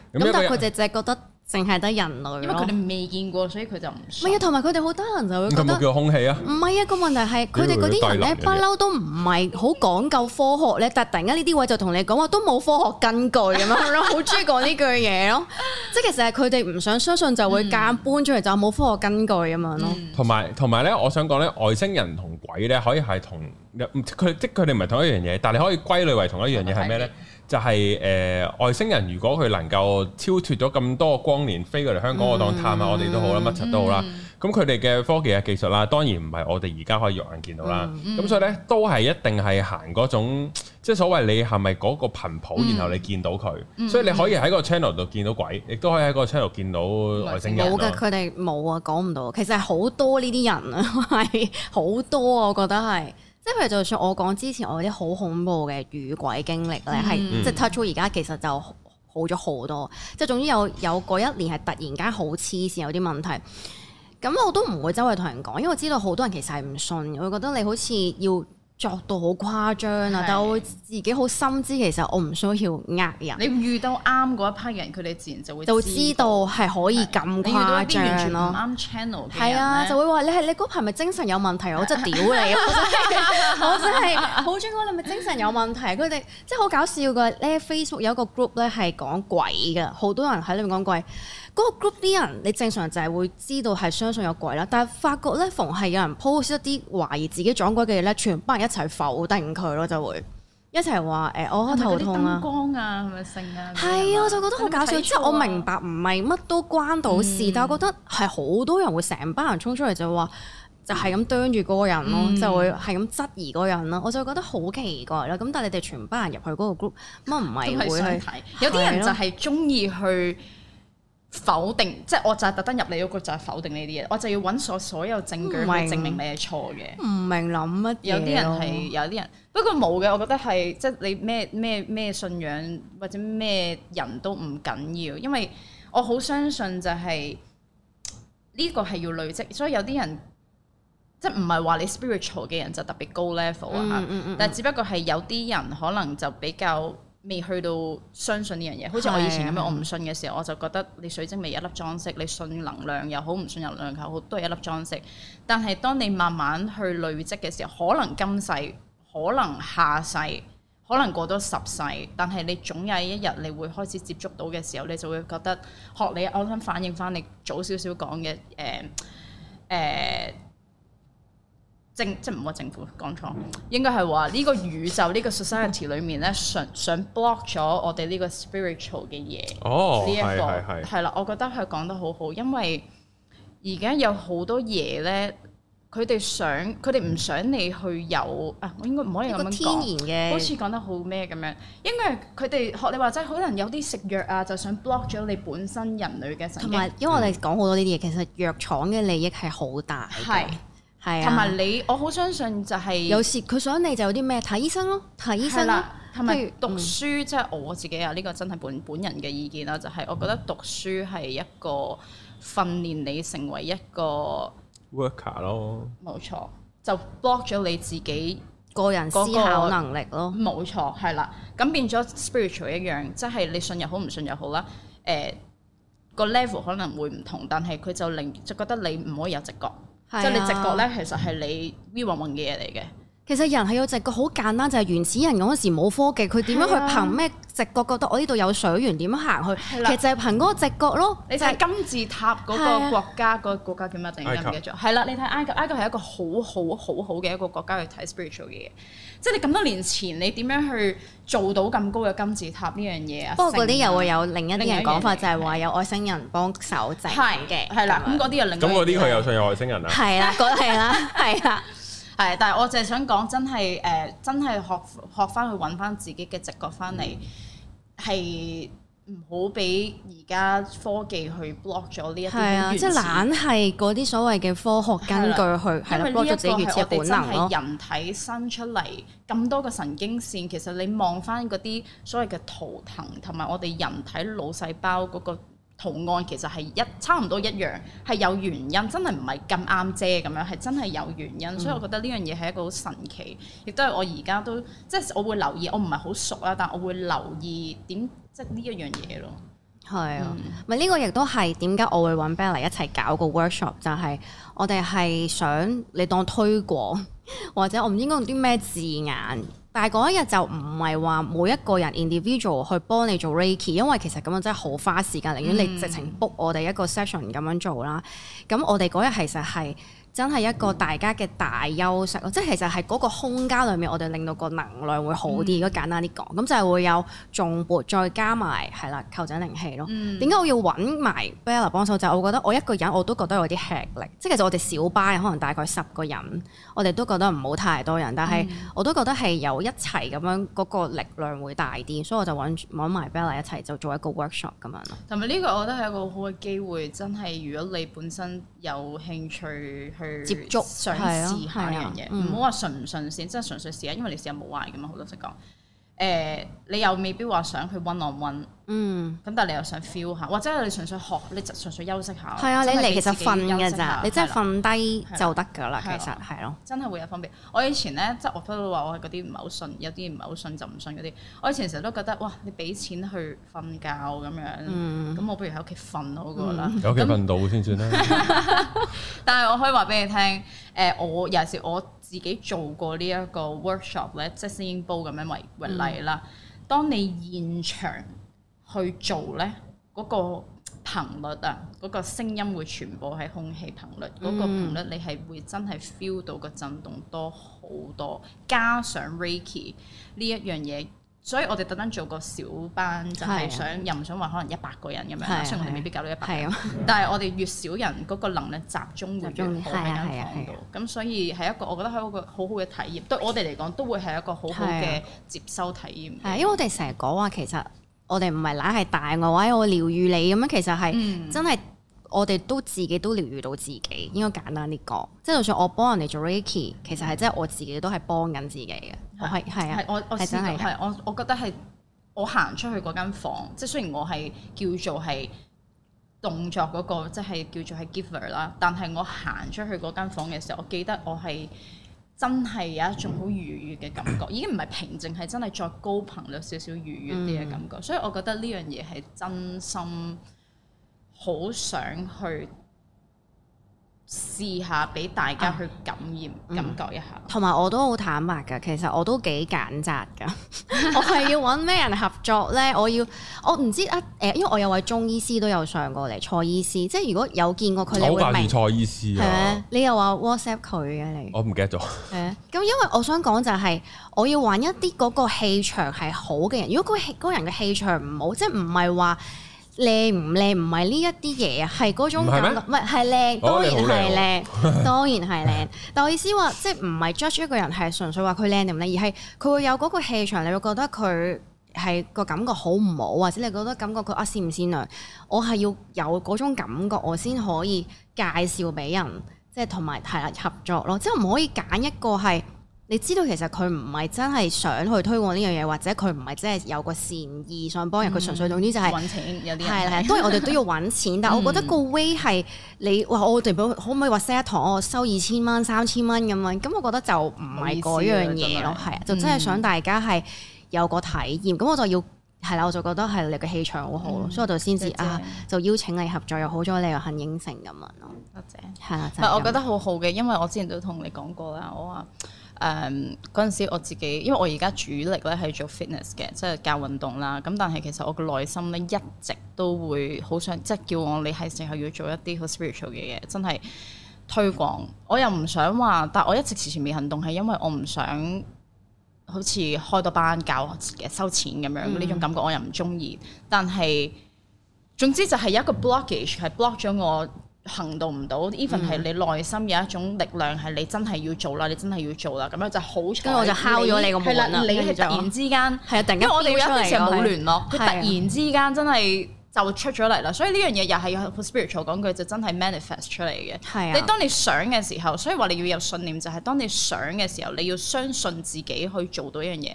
咁但係佢哋只係覺得淨係得人類，因為佢哋未見過，所以佢就唔。唔係啊，同埋佢哋好多人就會覺得冇叫空氣啊。唔係啊，個問題係佢哋嗰啲人咧，人不嬲都唔係好講究科學咧。但突然間呢啲位就同你講話，都冇科學根據咁樣咯，好中意講呢句嘢咯。 即係其實係佢哋唔想相信，就會夾硬搬出嚟，嗯、就冇科學根據咁樣咯。同埋同埋咧，我想講咧，外星人同鬼咧，可以係同佢即佢哋唔係同一樣嘢，但係你可以歸類為同一樣嘢係咩咧？ 就係、是、誒、呃、外星人，如果佢能夠超脫咗咁多光年飛過嚟香港，嗯、我當探下我哋都好啦，乜柒都好啦。咁佢哋嘅科技啊技術啦，當然唔係我哋而家可以肉眼見到啦。咁、嗯嗯、所以咧，都係一定係行嗰種，即係所謂你係咪嗰個頻譜，然後你見到佢。嗯、所以你可以喺個 channel 度見到鬼，亦都可以喺個 channel 見到外星人。冇噶、嗯，佢哋冇啊，講唔到。其實好多呢啲人啊，係 好多啊，我覺得係。即係譬如，就算我講之前我啲好恐怖嘅遇鬼經歷咧，係、嗯、即係 touchoo 而家其實就好咗好多。即係、嗯、總之有有嗰一年係突然間好黐線，有啲問題。咁我都唔會周圍同人講，因為我知道好多人其實係唔信。我覺得你好似要作到好誇張啊！的但我我自己好深知，其實我唔需要呃人。你遇到啱嗰一批人，佢哋自然就會就知道係可以咁誇張咯。啱 channel 嘅人，係啊，就會話你係你嗰排係咪精神有問題？ 我真係屌你！我真係我真係好中意你咪精神有問題。佢哋 即係好搞笑㗎！咧 Facebook 有一個 group 咧係講鬼嘅，好多人喺裏面講鬼。嗰個 group 啲人，你正常就係會知道係相信有鬼啦，但係發覺咧，逢係有人 post 一啲懷疑自己撞鬼嘅嘢咧，全班人一齊否定佢咯，就會一齊話：誒，我好頭痛啊，光啊，係咪性啊？係啊，就覺得好搞笑。即係我明白唔係乜都關到事，但係我覺得係好多人會成班人衝出嚟就話，就係咁啄住嗰個人咯，就會係咁質疑嗰個人咯。我就覺得好奇怪啦。咁但係你哋全班人入去嗰個 group，乜唔係會去？有啲人就係中意去。否定，即係我就係特登入你嗰個就係、是、否定呢啲嘢，我就要揾所所有證據去證明你係錯嘅。唔明諗乜、啊？有啲人係，有啲人，不過冇嘅。我覺得係，即係你咩咩咩信仰或者咩人都唔緊要，因為我好相信就係呢個係要累積，所以有啲人即係唔係話你 spiritual 嘅人就特別高 level 啊、嗯，嗯嗯、但係只不過係有啲人可能就比較。未去到相信呢樣嘢，好似我以前咁樣，我唔信嘅時候，我就覺得你水晶未一粒裝飾，你信能量又好，唔信能量又好，都係一粒裝飾。但係當你慢慢去累積嘅時候，可能今世，可能下世，可能過多十世，但係你總有一日你會開始接觸到嘅時候，你就會覺得學你，我想反應翻你早少少講嘅，誒、呃、誒。呃即係唔係政府講錯，應該係話呢個宇宙、呢個、裡呢個 society 裏面咧，想想 block 咗我哋呢個 spiritual 嘅嘢。哦，係係係。係啦，我覺得佢講得好好，因為而家有好多嘢咧，佢哋想佢哋唔想你去有啊，我應該唔可以咁講。天然嘅，好似講得好咩咁樣？應該係佢哋學你話齋，可能有啲食藥啊，就想 block 咗你本身人類嘅神經。同埋，因為我哋講好多呢啲嘢，其實藥廠嘅利益係好大。係。係啊，同埋你，我好相信就係、是、有時佢想你就有啲咩睇醫生咯，睇醫生。係啦，同埋如讀書，即係、嗯、我自己啊呢、呢個真係本本人嘅意見啦，就係、是、我覺得讀書係一個訓練你成為一個 worker 咯。冇錯，就 block 咗你自己、嗰個、個人思考能力咯。冇錯，係啦，咁變咗 spiritual 一樣，即、就、係、是、你信又好唔信又好啦。誒、呃嗰個 level 可能會唔同，但係佢就令就覺得你唔可以有直覺。即係你直覺咧，其實係你 we 揾嘅嘢嚟嘅。其實人係有直覺，好簡單，就係、是、原始人嗰陣時冇科技，佢點樣去憑咩直覺覺得我呢度有水源點樣行去？其實就係憑嗰個直覺咯。你就係金字塔嗰個國家是個國家叫乜定？唔記得咗。係啦吉，你睇埃及，埃及係一個好好好好嘅一個國家去睇 spiritual 嘅嘢。即係你咁多年前，你點樣去做到咁高嘅金字塔呢樣嘢啊？不過嗰啲又會有另一樣講法，就係話有外星人幫手整。係嘅，係啦。咁嗰啲又另咁嗰啲佢又信有外星人啊？係啦， 嗰係啦，係啦。係，但係我就係想講，真係誒、呃，真係學學翻去揾翻自己嘅直覺，翻嚟係唔好俾而家科技去 block 咗呢一啲。係啊，即係懶係嗰啲所謂嘅科學根據去係啦、啊啊，block 咗自己原始，原始本能咯。因為呢一個係我哋真係人體生出嚟咁多個神經線，其實你望翻嗰啲所謂嘅圖騰，同埋我哋人體腦細胞嗰個。圖案其實係一差唔多一樣，係有原因，真係唔係咁啱啫咁樣，係真係有原因，嗯、所以我覺得呢樣嘢係一個好神奇，亦都係我而家都即係我會留意，我唔係好熟啦，但我會留意點即係呢一樣嘢咯。係啊的，咪呢、嗯、個亦都係點解我會揾 Bella 一齊搞一個 workshop？就係我哋係想你當推廣，或者我唔應該用啲咩字眼？但係嗰一日就唔係話每一個人 individual 去幫你做 reiki 因為其實咁樣真係好花時間。嗯、寧願你直情 book 我哋一個 session 咁樣做啦。咁我哋嗰日其實係。真係一個大家嘅大休息咯，嗯、即係其實係嗰個空間裏面，我哋令到個能量會好啲。如果、嗯、簡單啲講，咁就係會有頌缽，再加埋係啦，臼井靈氣咯。點解、嗯、我要揾埋 Bella 幫手？就係、是、我覺得我一個人我都覺得有啲吃力。即係其實我哋小班可能大概十個人，我哋都覺得唔好太多人，但係我都覺得係有一齊咁樣嗰、那個力量會大啲，所以我就揾埋 Bella 一齊就做一個 workshop 咁樣咯。同埋呢個我覺得係一個好嘅機會，真係如果你本身有興趣。去接觸嘗試下呢樣嘢，唔好話順唔順先，即係純粹試下，因為你試下冇壞㗎嘛，好多時講。誒、呃，你又未必話想去揾攏揾。嗯，咁但係你又想 feel 下，或者你純粹學，你純粹休息下，係啊，你嚟其實瞓㗎咋，你真係瞓低就得㗎啦。其實係咯，真係會有分別。我以前咧，即係我都話我係嗰啲唔係好信，有啲唔係好信就唔信嗰啲。我以前成日都覺得，哇，你俾錢去瞓覺咁樣，咁我不如喺屋企瞓好過啦。有屋企瞓到先算啦。但係我可以話俾你聽，誒，我有時我自己做過呢一個 workshop 咧，即係 Singing Bowl 咁樣為為例啦。當你現場去做呢嗰、那個頻率啊，嗰、那個聲音會全部喺空氣頻率，嗰、那個頻率你係會真係 feel 到個震動多好多。加上 Reiki 呢一樣嘢，所以我哋特登做個小班，就係、是、想是、啊、又唔想話可能一百個人咁樣啦，所以我哋未必搞到一百，是啊、但係我哋越少人嗰、那個能力集中會越好喺間房度。咁所以係一個我覺得係一個好好嘅體驗，對我哋嚟講都會係一個好好嘅接收體驗。係，是啊、因為我哋成日講話其實。我哋唔係懶係大我話，我療愈你咁樣，其實係、嗯、真係我哋都自己都療愈到自己，應該簡單啲講。即係就算我幫人哋做 reiki 其實係、嗯、即係我自己都係幫緊自己嘅，係係啊，我我試過係我我覺得係我行出去嗰間房，即係雖然我係叫做係動作嗰個，即係叫做係 giver 啦，但係我行出去嗰間房嘅時候，我記得我係。真係有一種好愉悅嘅感覺，嗯、已經唔係平靜，係真係再高頻率少少愉悅啲嘅感覺，嗯、所以我覺得呢樣嘢係真心好想去。試下俾大家去感染、啊嗯、感覺一下。同埋我都好坦白㗎，其實我都幾揀擇㗎。 我係要揾咩人合作呢？我要我唔知啊。誒，因為我有位中醫師都有上過嚟，蔡醫師。即係如果有見過佢，你會明蔡醫師、啊、你又話 WhatsApp 佢嘅、啊、你？我唔記得咗。咁因為我想講就係，我要揾一啲嗰個氣場係好嘅人。如果嗰嗰個人嘅氣場唔好，即係唔係話。靚唔靚唔係呢一啲嘢啊，係嗰種感覺，唔係係靚，當然係靚，哦、當然係靚。 但我意思話，即係唔係 judge 一個人係純粹話佢靚定唔靚，而係佢會有嗰個氣場，你會覺得佢係個感覺好唔好，或者你覺得感覺佢啊善唔善良。我係要有嗰種感覺，我先可以介紹俾人，即係同埋係啦合作咯。即係唔可以揀一個係。你知道其實佢唔係真係想去推廣呢樣嘢，或者佢唔係真係有個善意想幫人。佢純粹總之就係揾錢，有啲係，當然我哋都要揾錢，但我覺得個 way 係你話，我哋可唔可以話 set 一堂我收二千蚊、三千蚊咁樣？咁我覺得就唔係嗰樣嘢咯，係就真係想大家係有個體驗。咁我就要係啦，我就覺得係你嘅氣場好好咯，所以我就先至啊，就邀請你合作又好咗，你又肯應承咁樣咯。多謝係啦，唔係我覺得好好嘅，因為我之前都同你講過啦，我話。誒，嗰陣時，我自己因為我而家主力咧係做 fitness 嘅，即係教運動啦。咁但係其實我個內心咧一直都會好想，即係叫我你係成日要做一啲好 spiritual 嘅嘢，真係推廣。我又唔想話，但我一直遲遲未行動係因為我唔想好似開多班教自己收錢咁樣呢、嗯、種感覺，我又唔中意。但係總之就係有一個 blockage 係 block 咗我。行動唔到，even 係你內心有一種力量係你真係要做啦，你真係要做啦，咁樣就好。咁我就敲咗你個門啦。你係突然之間，係啊，突然因為我哋一啲時候冇聯絡，佢的突然之間真係就出咗嚟啦。的所以呢樣嘢又係用 spiritual 講句就真係 manifest 出嚟嘅。係啊的，你當你想嘅時候，所以話你要有信念，就係、是、當你想嘅時候，你要相信自己去做到一樣嘢。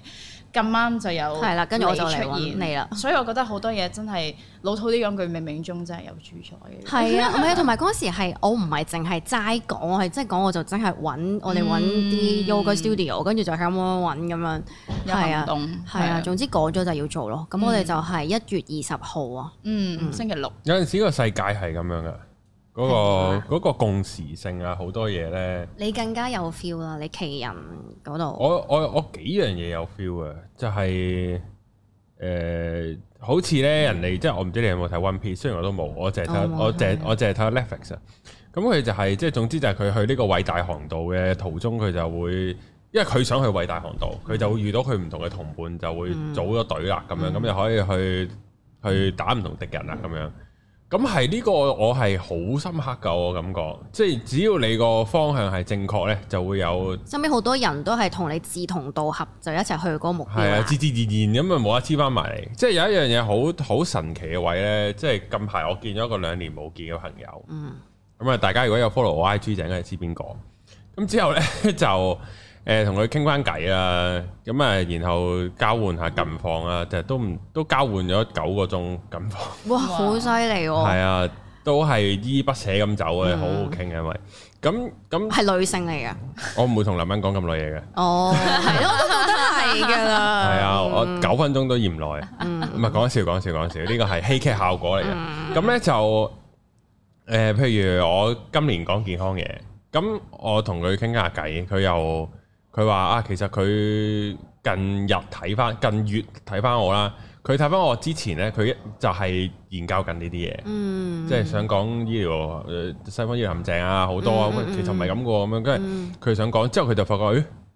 咁啱就有跟住我就出現嚟啦，所以我覺得好多嘢真係老土啲講句，冥冥中真係有主宰嘅。係啊，唔係，同埋嗰時係我唔係淨係齋講，我係即係講我就真係揾我哋揾啲 yoga studio，跟住就咁樣揾咁樣，有行動，係啊，總之講咗就要做咯。咁我哋就係一月二十號啊，嗯，星期六。有陣時個世界係咁樣㗎。嗰個共時性啊，好多嘢咧，你更加有 feel 啦，啊！你企人嗰度，我我我幾樣嘢有 feel 嘅，啊，就係、是、誒、呃，好似咧、嗯、人哋，即係我唔知你有冇睇 One Piece，雖然我都冇，我淨係睇我淨只的我淨係睇 Netflix，咁佢就係即係總之就係佢去呢個偉大航道嘅途中，佢就會因為佢想去偉大航道，佢就會遇到佢唔同嘅同伴，就會組咗隊啦咁、嗯、樣，咁就可以去去打唔同敵人啦咁樣。嗯嗯咁係呢個我係好深刻噶，我感覺，即係只要你個方向係正確咧，就會有身邊好多人都係同你志同道合，就一齊去嗰個目標。係啊，自自然然咁啊，冇得黐翻埋嚟。即係有一樣嘢好好神奇嘅位咧，即係近排我見咗個兩年冇見嘅朋友。嗯，咁啊，大家如果有 follow 我 IG，就應該知邊個。咁之後咧就。誒同佢傾翻偈啦，咁啊，然後交換下近況啦，就都唔都交換咗九個鐘近況。哇，好犀利喎！係啊，都係依依不捨咁走嘅，好好傾嘅，因為咁咁係女性嚟嘅。我唔會同男人講咁耐嘢嘅。哦，係囉，我都覺得係㗎喇。係啊，我九分鐘都嫌耐。唔係講笑講笑講笑，呢個係戲劇效果嚟嘅。咁咧就誒，譬如我今年講健康嘢，咁我同佢傾下偈，佢又。佢話啊，其實佢近日睇翻近月睇翻我啦，佢睇翻我之前咧，佢就係研究緊呢啲嘢，嗯、即係想講醫療誒西方醫療陷阱啊，好多啊，嗯嗯、其實唔係咁個咁樣，跟住佢想講之後，佢就發覺，咦，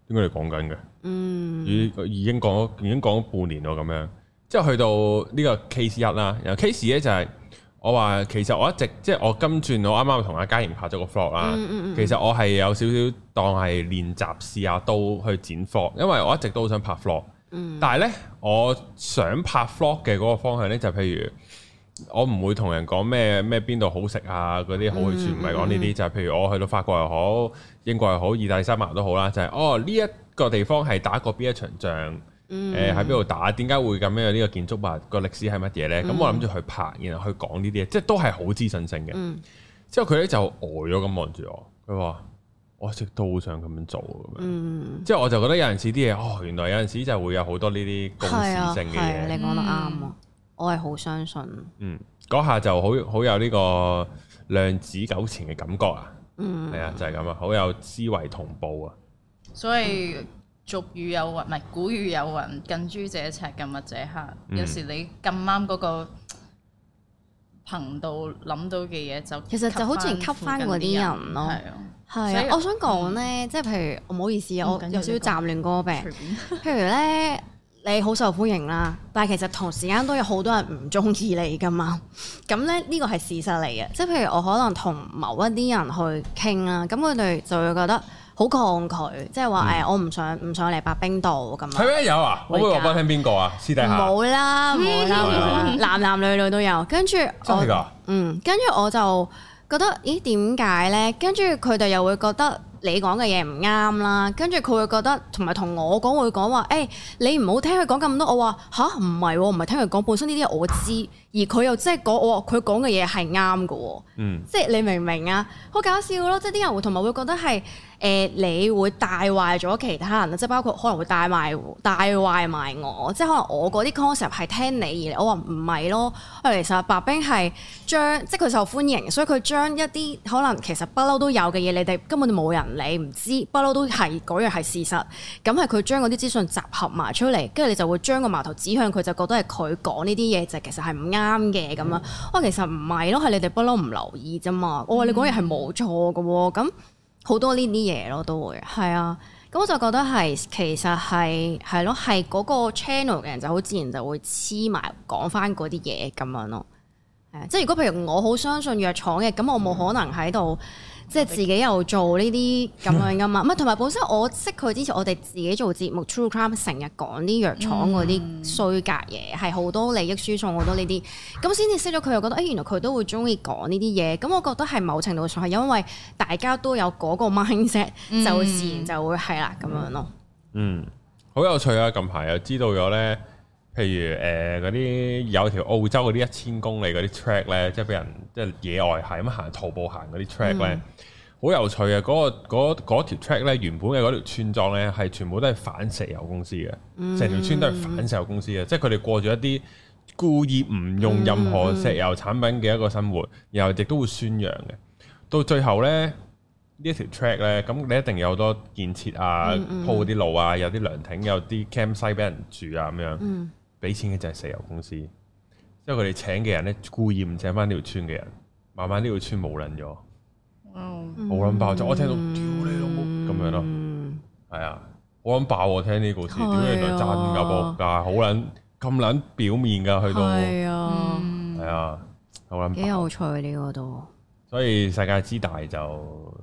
點解你講緊嘅？嗯，已已經講，已經講咗半年咯咁樣，之後去到呢個 case 一啦，然後 case 咧就係、是。我話其實我一直即係我跟住我啱啱同阿嘉瑩拍咗個 Vlog 啦、嗯嗯嗯。其實我係有少少當係練習試下刀去剪 Vlog，因為我一直都好想拍 Vlog。嗯。但係呢，我想拍 Vlog 嘅嗰個方向呢，就是、譬如我唔會同人講咩咩邊度好食啊，嗰啲好去處，唔係講呢啲，就係、是、譬如我去到法國又好、英國又好、意大利三亞都好啦，就係、是、哦呢一、這個地方係打過邊一場仗。誒喺邊度打？點解會咁樣？呢、這個建築物個歷史係乜嘢咧？咁、嗯、我諗住去拍，然後去講呢啲嘢，即係都係好資訊性嘅。嗯、之後佢咧就呆咗咁望住我，佢話：我一直都好想咁樣做。嗯，即係我就覺得有陣時啲嘢，哦，原來有陣時就會有好多呢啲共時性嘅嘢。你講得啱，我係好相信。嗯，嗰、嗯、下就好好有呢個量子糾纏嘅感覺啊！嗯，係啊、哎，就係咁啊，好有思維同步啊！所以。嗯俗語有云，唔係古語有云，近朱者赤，近墨者黑。有時你咁啱嗰個頻道諗到嘅嘢，就其實就好似吸翻嗰啲人咯。係啊，我想講咧，嗯、即係譬如，唔好意思，嗯、我有少少說暫亂嗰個病。便譬如咧，你好受歡迎啦，但係其實同時間都有好多人唔中意你㗎嘛。咁 咧呢個係事實嚟嘅，即係譬如我可能同某一啲人去傾啦，咁佢哋就會覺得。好抗拒，即係話誒，我唔想唔想嚟白冰島咁。係咩有啊？會唔加 會話俾我聽邊個啊？私底下冇啦，冇啦， 男男女女都有。跟住真係㗎。這個、嗯，跟住我就覺得，咦，點解咧？跟住佢哋又會覺得你講嘅嘢唔啱啦。跟住佢會覺得，同埋同我講會講話，誒、欸，你唔好聽佢講咁多。我話吓，唔係，唔係、哦、聽佢講。本身呢啲我知。而佢又即係講，我話佢講嘅嘢係啱嘅，即係你明唔明啊？好搞笑咯！即係啲人會同埋會覺得係誒、呃、你會帶壞咗其他人啦，即係包括可能會帶埋帶壞埋我，即係可能我嗰啲 concept 係聽你而嚟，我話唔係咯。因為其實白兵係將即係佢受歡迎，所以佢將一啲可能其實不嬲都有嘅嘢，你哋根本冇人理唔知，不嬲都係嗰樣係事實，咁係佢將嗰啲資訊集合埋出嚟，跟住你就會將個矛頭指向佢，就覺得係佢講呢啲嘢就其實係唔啱。啱嘅咁樣啊！我其實唔係咯，係你哋不嬲唔留意啫嘛。我話你講嘢係冇錯嘅喎，咁好多呢啲嘢咯，都會係啊。咁我就覺得係其實係係咯，係嗰、啊、個 channel 嘅人就好自然就會黐埋講翻嗰啲嘢咁樣咯。係即係如果譬如我好相信藥廠嘅，咁我冇可能喺度。即係自己又做呢啲咁樣噶嘛，唔係，同埋本身我識佢之前，我哋自己做節目 True Crime 成日講啲藥廠嗰啲衰格嘢，係好、嗯、多利益輸送好多呢啲，咁先至識咗佢，又覺得，哎原來佢都會鍾意講呢啲嘢，咁我覺得係某程度上係因為大家都有嗰個 mindset、嗯、就自然就會係啦咁樣咯。嗯，好有趣啊！近排又知道咗咧。譬如誒嗰啲有條澳洲嗰啲一千公里嗰啲 track 咧，即係俾人即係野外行咁行徒步行嗰啲 track 咧、嗯，好有趣嘅。嗰、嗰個條 track 咧，原本嘅嗰條村莊咧，係全部都係反石油公司嘅，成、嗯、條村都係反石油公司嘅。嗯、即係佢哋過住一啲故意唔用任何石油產品嘅一個生活，嗯、然後亦都會宣揚嘅。到最後咧，呢一條 track 咧，咁你一定有好多建設啊，嗯嗯，鋪啲路啊，有啲涼亭，有啲 campsite 俾人住啊，咁樣。嗯俾錢嘅就係石油公司，即係佢哋請嘅人咧，故意唔請翻呢條村嘅人，慢慢呢條村冇撚咗，冇撚爆！就我聽到屌你老母咁樣咯，係、哎、啊，啊好撚爆！我聽呢個故事，點解原來真㗎啵㗎，好撚咁撚表面㗎，去到係啊，係、嗯哎、啊，好撚幾有趣呢喎、呢個、都，所以世界之大就。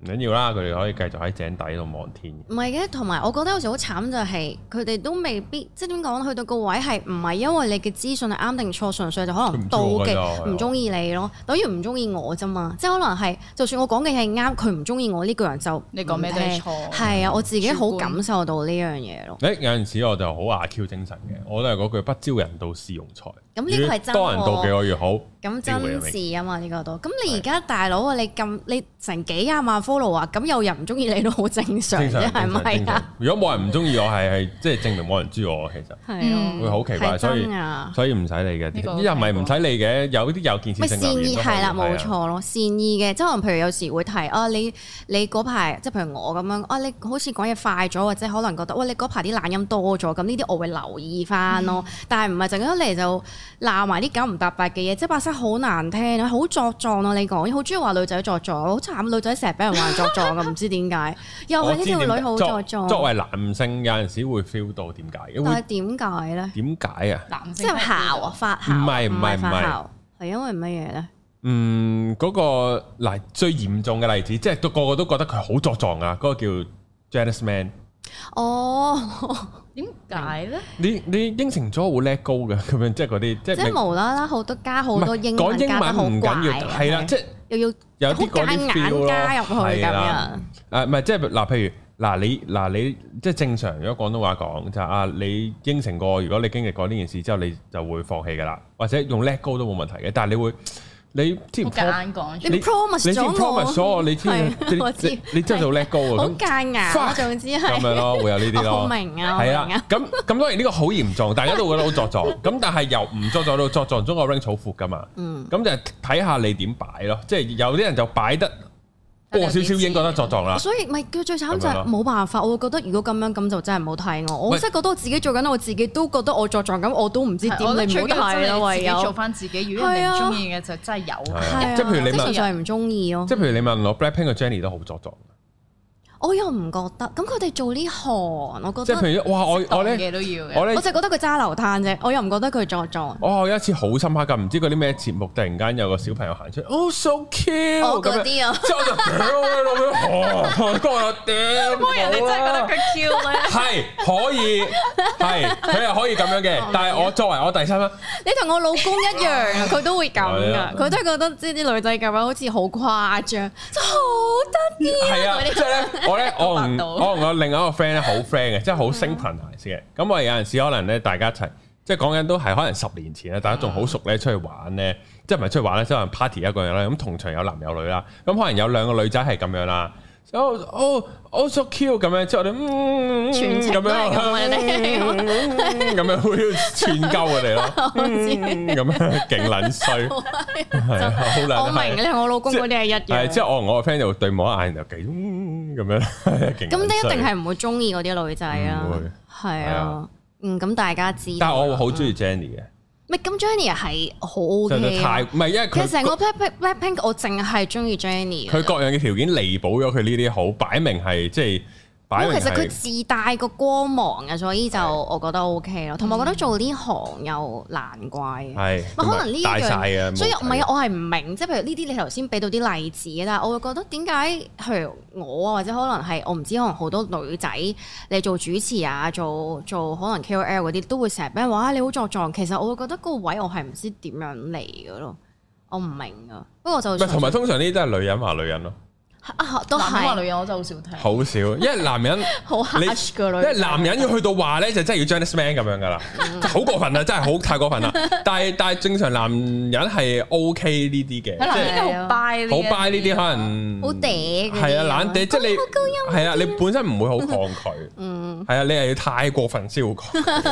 唔緊要啦，佢哋可以繼續喺井底度望天。唔係嘅，同埋我覺得有時好慘就係佢哋都未必，即係點講？去到個位係唔係因為你嘅資訊係啱定錯，純粹就可能妒忌唔中意你咯，的等於唔中意我啫嘛。即係可能係，就算我講嘅係啱，佢唔中意我呢個人就你講咩都係錯。係啊，我自己好感受到呢樣嘢咯。誒、嗯欸、有陣時我就好阿 Q 精神嘅，我都係嗰句不招人妒是庸才。咁呢個係真喎，越多人妒忌我越好。咁真事啊嘛，呢個都。咁你而家大佬啊，你咁你成幾廿萬 follower 啊，咁有人唔中意你都好正常，係咪常吧？如果冇人唔中意我，係係即係證明冇人知我。其實係啊，嗯、會好奇怪，啊、所以所以唔使理嘅，呢啲又唔係唔使理嘅，有啲有建設性善意係啦，冇、啊、對錯咯，善意嘅，即可能譬如有時會提啊，你你嗰排即係譬如我咁樣啊，你好似講嘢快咗，或者可能覺得喂、啊，你嗰排啲懶音多咗，咁呢啲我會留意翻咯。但係唔係整咗嚟就？鬧埋啲九唔搭八嘅嘢，即係把聲好難聽，好作狀啊。你講，好中意話女仔作狀，好慘，女仔成日俾人話作狀，唔知點解。 又係呢條女好作狀。作為男性有陣時會 feel 到點解？但係點解咧？點解啊？男性，即係姣啊，發姣唔係唔係唔係，係是因為乜嘢咧？嗯，嗰、那個嗱最嚴重嘅例子，即係個個都覺得佢好作狀啊。嗰、那個叫 Janice Man。哦。Oh. 點解咧？你你應承咗會叻高嘅咁樣，即係嗰啲即係無啦啦好多加好多英文加得好怪，係啦，即係又要有啲嗰啲 feel 咯，係啦。誒，唔係即係嗱，譬如嗱，你嗱你即係正常如果廣東話講就係啊，你應承過，如果你經歷過呢件事之後，你就會放棄噶啦，或者用叻高都冇問題嘅，但係你會。你添，你 promise 咗我，你真係好叻高啊！好介牙，咁樣咯，會有呢啲咯，係啊。咁咁當然呢個好嚴重，大家都會覺得好作作，咁但係由唔作作到作作，中個 ring 好闊噶嘛。咁就睇下你點擺咯，即係有啲人就擺得。過少少已經覺得作狀啦，所以咪叫最慘就係冇辦法，我覺得如果咁樣咁就真係唔好睇我，我真係覺得我自己做緊，我自己都覺得我作狀咁，我都唔知點，你唔好睇啦，唯有做翻自己，如果一中意嘅就真係有，即係譬如你問，即係唔中意咯，即係譬如你問我 Blackpink 嘅 Jennie 都好作狀。我又唔覺得，咁佢哋做呢行，我覺得即係譬如哇，我我嘅。我就覺得佢揸流灘啫，我又唔覺得佢作狀。我有一次好深刻，唔知嗰啲咩節目，突然間有個小朋友行出嚟，哦 so cute，咁，之後我就屌我老公，韓國啊屌！你真係覺得佢 cute 咧。係可以係佢又可以咁樣嘅，但係我作為我第三者，你同我老公一樣，佢都會咁噶，佢都係覺得即係啲女仔咁樣好似好誇張，就好得意。係啊，我咧，我同 道我同我另外一個 friend 咧，好 friend 嘅，即係好 s 升級顏色嘅。咁我哋有陣時可能咧，大家一齊，即係講緊都係可能十年前咧，大家仲好熟咧，出去玩咧，即係唔係出去玩咧，即係可能 party 一個人咧。咁同場有男有女啦，咁可能有兩個女仔係咁樣啦。哦哦哦 so cute 咁樣，之後咧，嗯，咁樣咁樣會串鳩佢哋咯，咁樣勁撚衰係好卵。我明，你係我老公嗰啲係一樣。即係我同我個 friend 又對望眼又幾咁樣，咁你一定係唔會中意嗰啲女仔啊。係啊，嗯，咁大家知。但係我好中意 Jenny 嘅。唔係，咁 Jennie 係好 OK。因為其實成個 Black Blackpink 我淨係中意 Jennie。佢各樣嘅條件彌補咗佢呢啲好，擺明係即係。就是因為其實佢自帶個光芒呀，所以就我覺得 O K 咯。同埋覺得做呢行又難怪，係咪可能呢一樣？所以唔係我係唔明，即係譬如呢啲你頭先俾到啲例子，但係我會覺得點解譬如我啊，或者可能係我唔知，可能好多女仔你做主持啊，做做可能 K O L 嗰啲，都會成日俾人話你好作狀。其實我會覺得嗰個位我係唔知點樣嚟嘅咯，我唔明啊。不過就同埋通常呢啲都係女人話女人咯。啊，都係男女人我就好少睇，好少，因為男人好 hush 因為男人要去到話咧就真係要 gentleman 咁樣噶啦，好過分啊，真係好太過分啦。但係但係正常男人係 OK 呢啲嘅，即係好 buy 呢啲可能好嗲，係啊，懶嗲，即係你高音係啊，你本身唔會好抗拒，嗯，係啊，你係要太過分先會抗拒，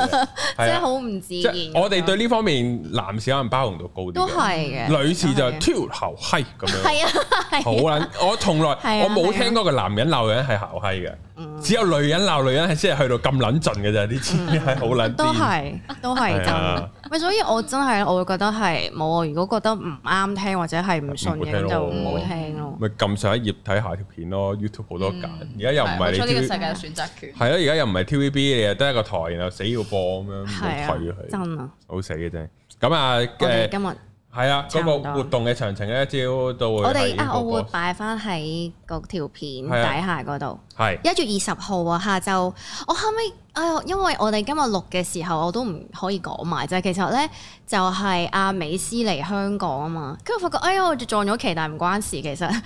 真係好唔自然。我哋對呢方面男士可能包容度高啲，都係嘅，女士就 two 頭閪咁樣，係啊，好卵，我同。我冇聽過個男人鬧女人係姣閪嘅，只有女人鬧女人係先係去到咁撚盡嘅啫，呢次係好撚癲。都係，都係，就咪所以，我真係我會覺得係冇。如果覺得唔啱聽或者係唔順嘅，就冇聽咯。咪撳上一頁睇下條片咯，YouTube 好多揀。而家又唔係你呢個世界選擇權。係咯，而家又唔係 TVB，你又得一個台，然後死要播咁樣，冇退咗佢。真啊，好死嘅真。咁啊，我哋今日。係啊，嗰個活動嘅詳情咧，一朝到會。我哋啊，我會擺翻喺嗰條片底下度。一月二十號啊，下晝我後尾，哎呀，因為我哋今日錄嘅時候，我都唔可以講埋就係。其實咧就係阿美斯嚟香港啊嘛，跟住發覺哎呀，撞咗期，但係唔關事。其實，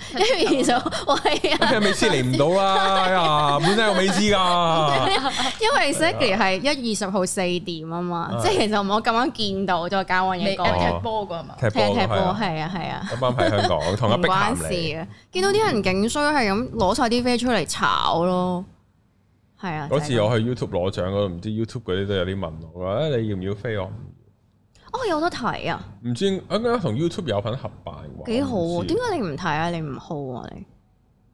其實我係啊，美斯嚟唔到啊。哎呀，本身有美斯㗎，因為 s a n d 係一月二十號四點啊嘛，即係其實我咁樣見到再搞混嘢，踢波㗎嘛，踢踢波係啊係啊，啱啱喺香港同一關事啊，見到啲人勁衰，係咁攞晒啲飛出嚟查。炒咯，係、嗯嗯、啊！嗰次我去 YouTube 攞獎嗰度，唔知 YouTube 嗰啲都有啲問我，誒，你要唔要飛我？哦，有得睇啊！唔知啱啱同 YouTube 有份合辦喎。幾好啊，好啊！點解你唔睇啊？不你唔好啊！你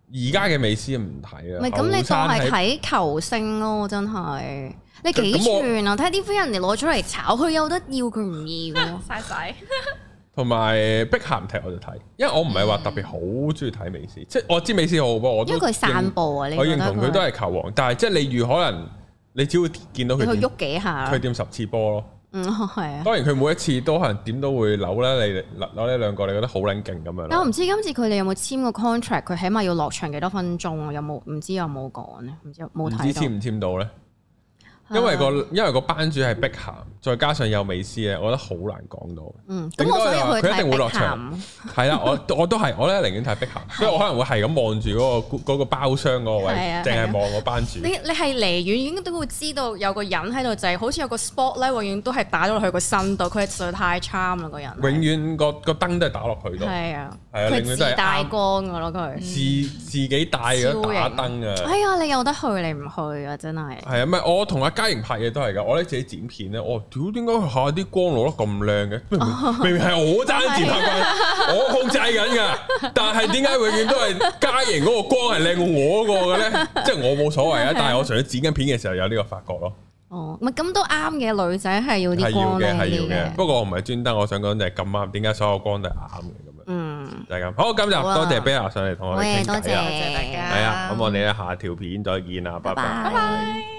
而家嘅美斯唔睇啊？唔係咁，你當係睇球星咯，真係你幾串啊？睇下啲飛人哋攞咗嚟炒，佢有得要佢唔要，嘥仔 同埋碧咸踢我就睇，因為我唔係話特別好中意睇美斯，即係我知美斯好波，我因為佢散步啊，你我認同佢都係球王，但係即係例如可能你只會見到佢喐幾下，佢掂十次波咯，嗯係啊，當然佢每一次都可能點都會扭啦。你扭呢兩個你覺得好撚勁咁樣。但我唔知今次佢哋有冇簽個 contract，佢起碼要落場幾多分鐘，有冇，唔知有冇講咧？唔知，冇睇到。唔知簽唔簽到咧？因為個因為個班主係碧咸，再加上有美斯咧，我覺得好難講到。咁我所以佢一定會落場係啦，我我都係我咧寧願睇碧咸，所以我可能會係咁望住嗰個個包廂嗰個位，淨係望個班主。你你係離遠應該都會知道有個人喺度，就係好似有個 spot 咧，永遠都係打咗落去個身度，佢係實在太 charm 啦個人。永遠個個燈都係打落去度，係啊，佢自帶光噶咯，佢自自己帶嗰盞燈啊。哎呀，你有得去你唔去啊，真係。係啊，唔係我同家瑩拍嘢都係噶，我咧自己剪片咧，我、哦、屌，點解佢下啲光攞得咁靚嘅？明明係我揸剪拍光， 我控制緊噶，但係點解永遠都係嘉瑩嗰個光係靚過我個嘅咧？ 即係我冇所謂啊， 但係我除咗剪緊片嘅時候有呢個發覺咯。哦，係咁都啱嘅，女仔係要要嘅，係要嘅。不過我唔係專登，我想講就係咁啱，點解所有光都係啱嘅咁樣？嗯，就係咁。好，今日多謝 Bella 上嚟同我哋傾偈。多謝大家。係啊，咁我哋下條片再見啊，拜拜。Bye bye bye bye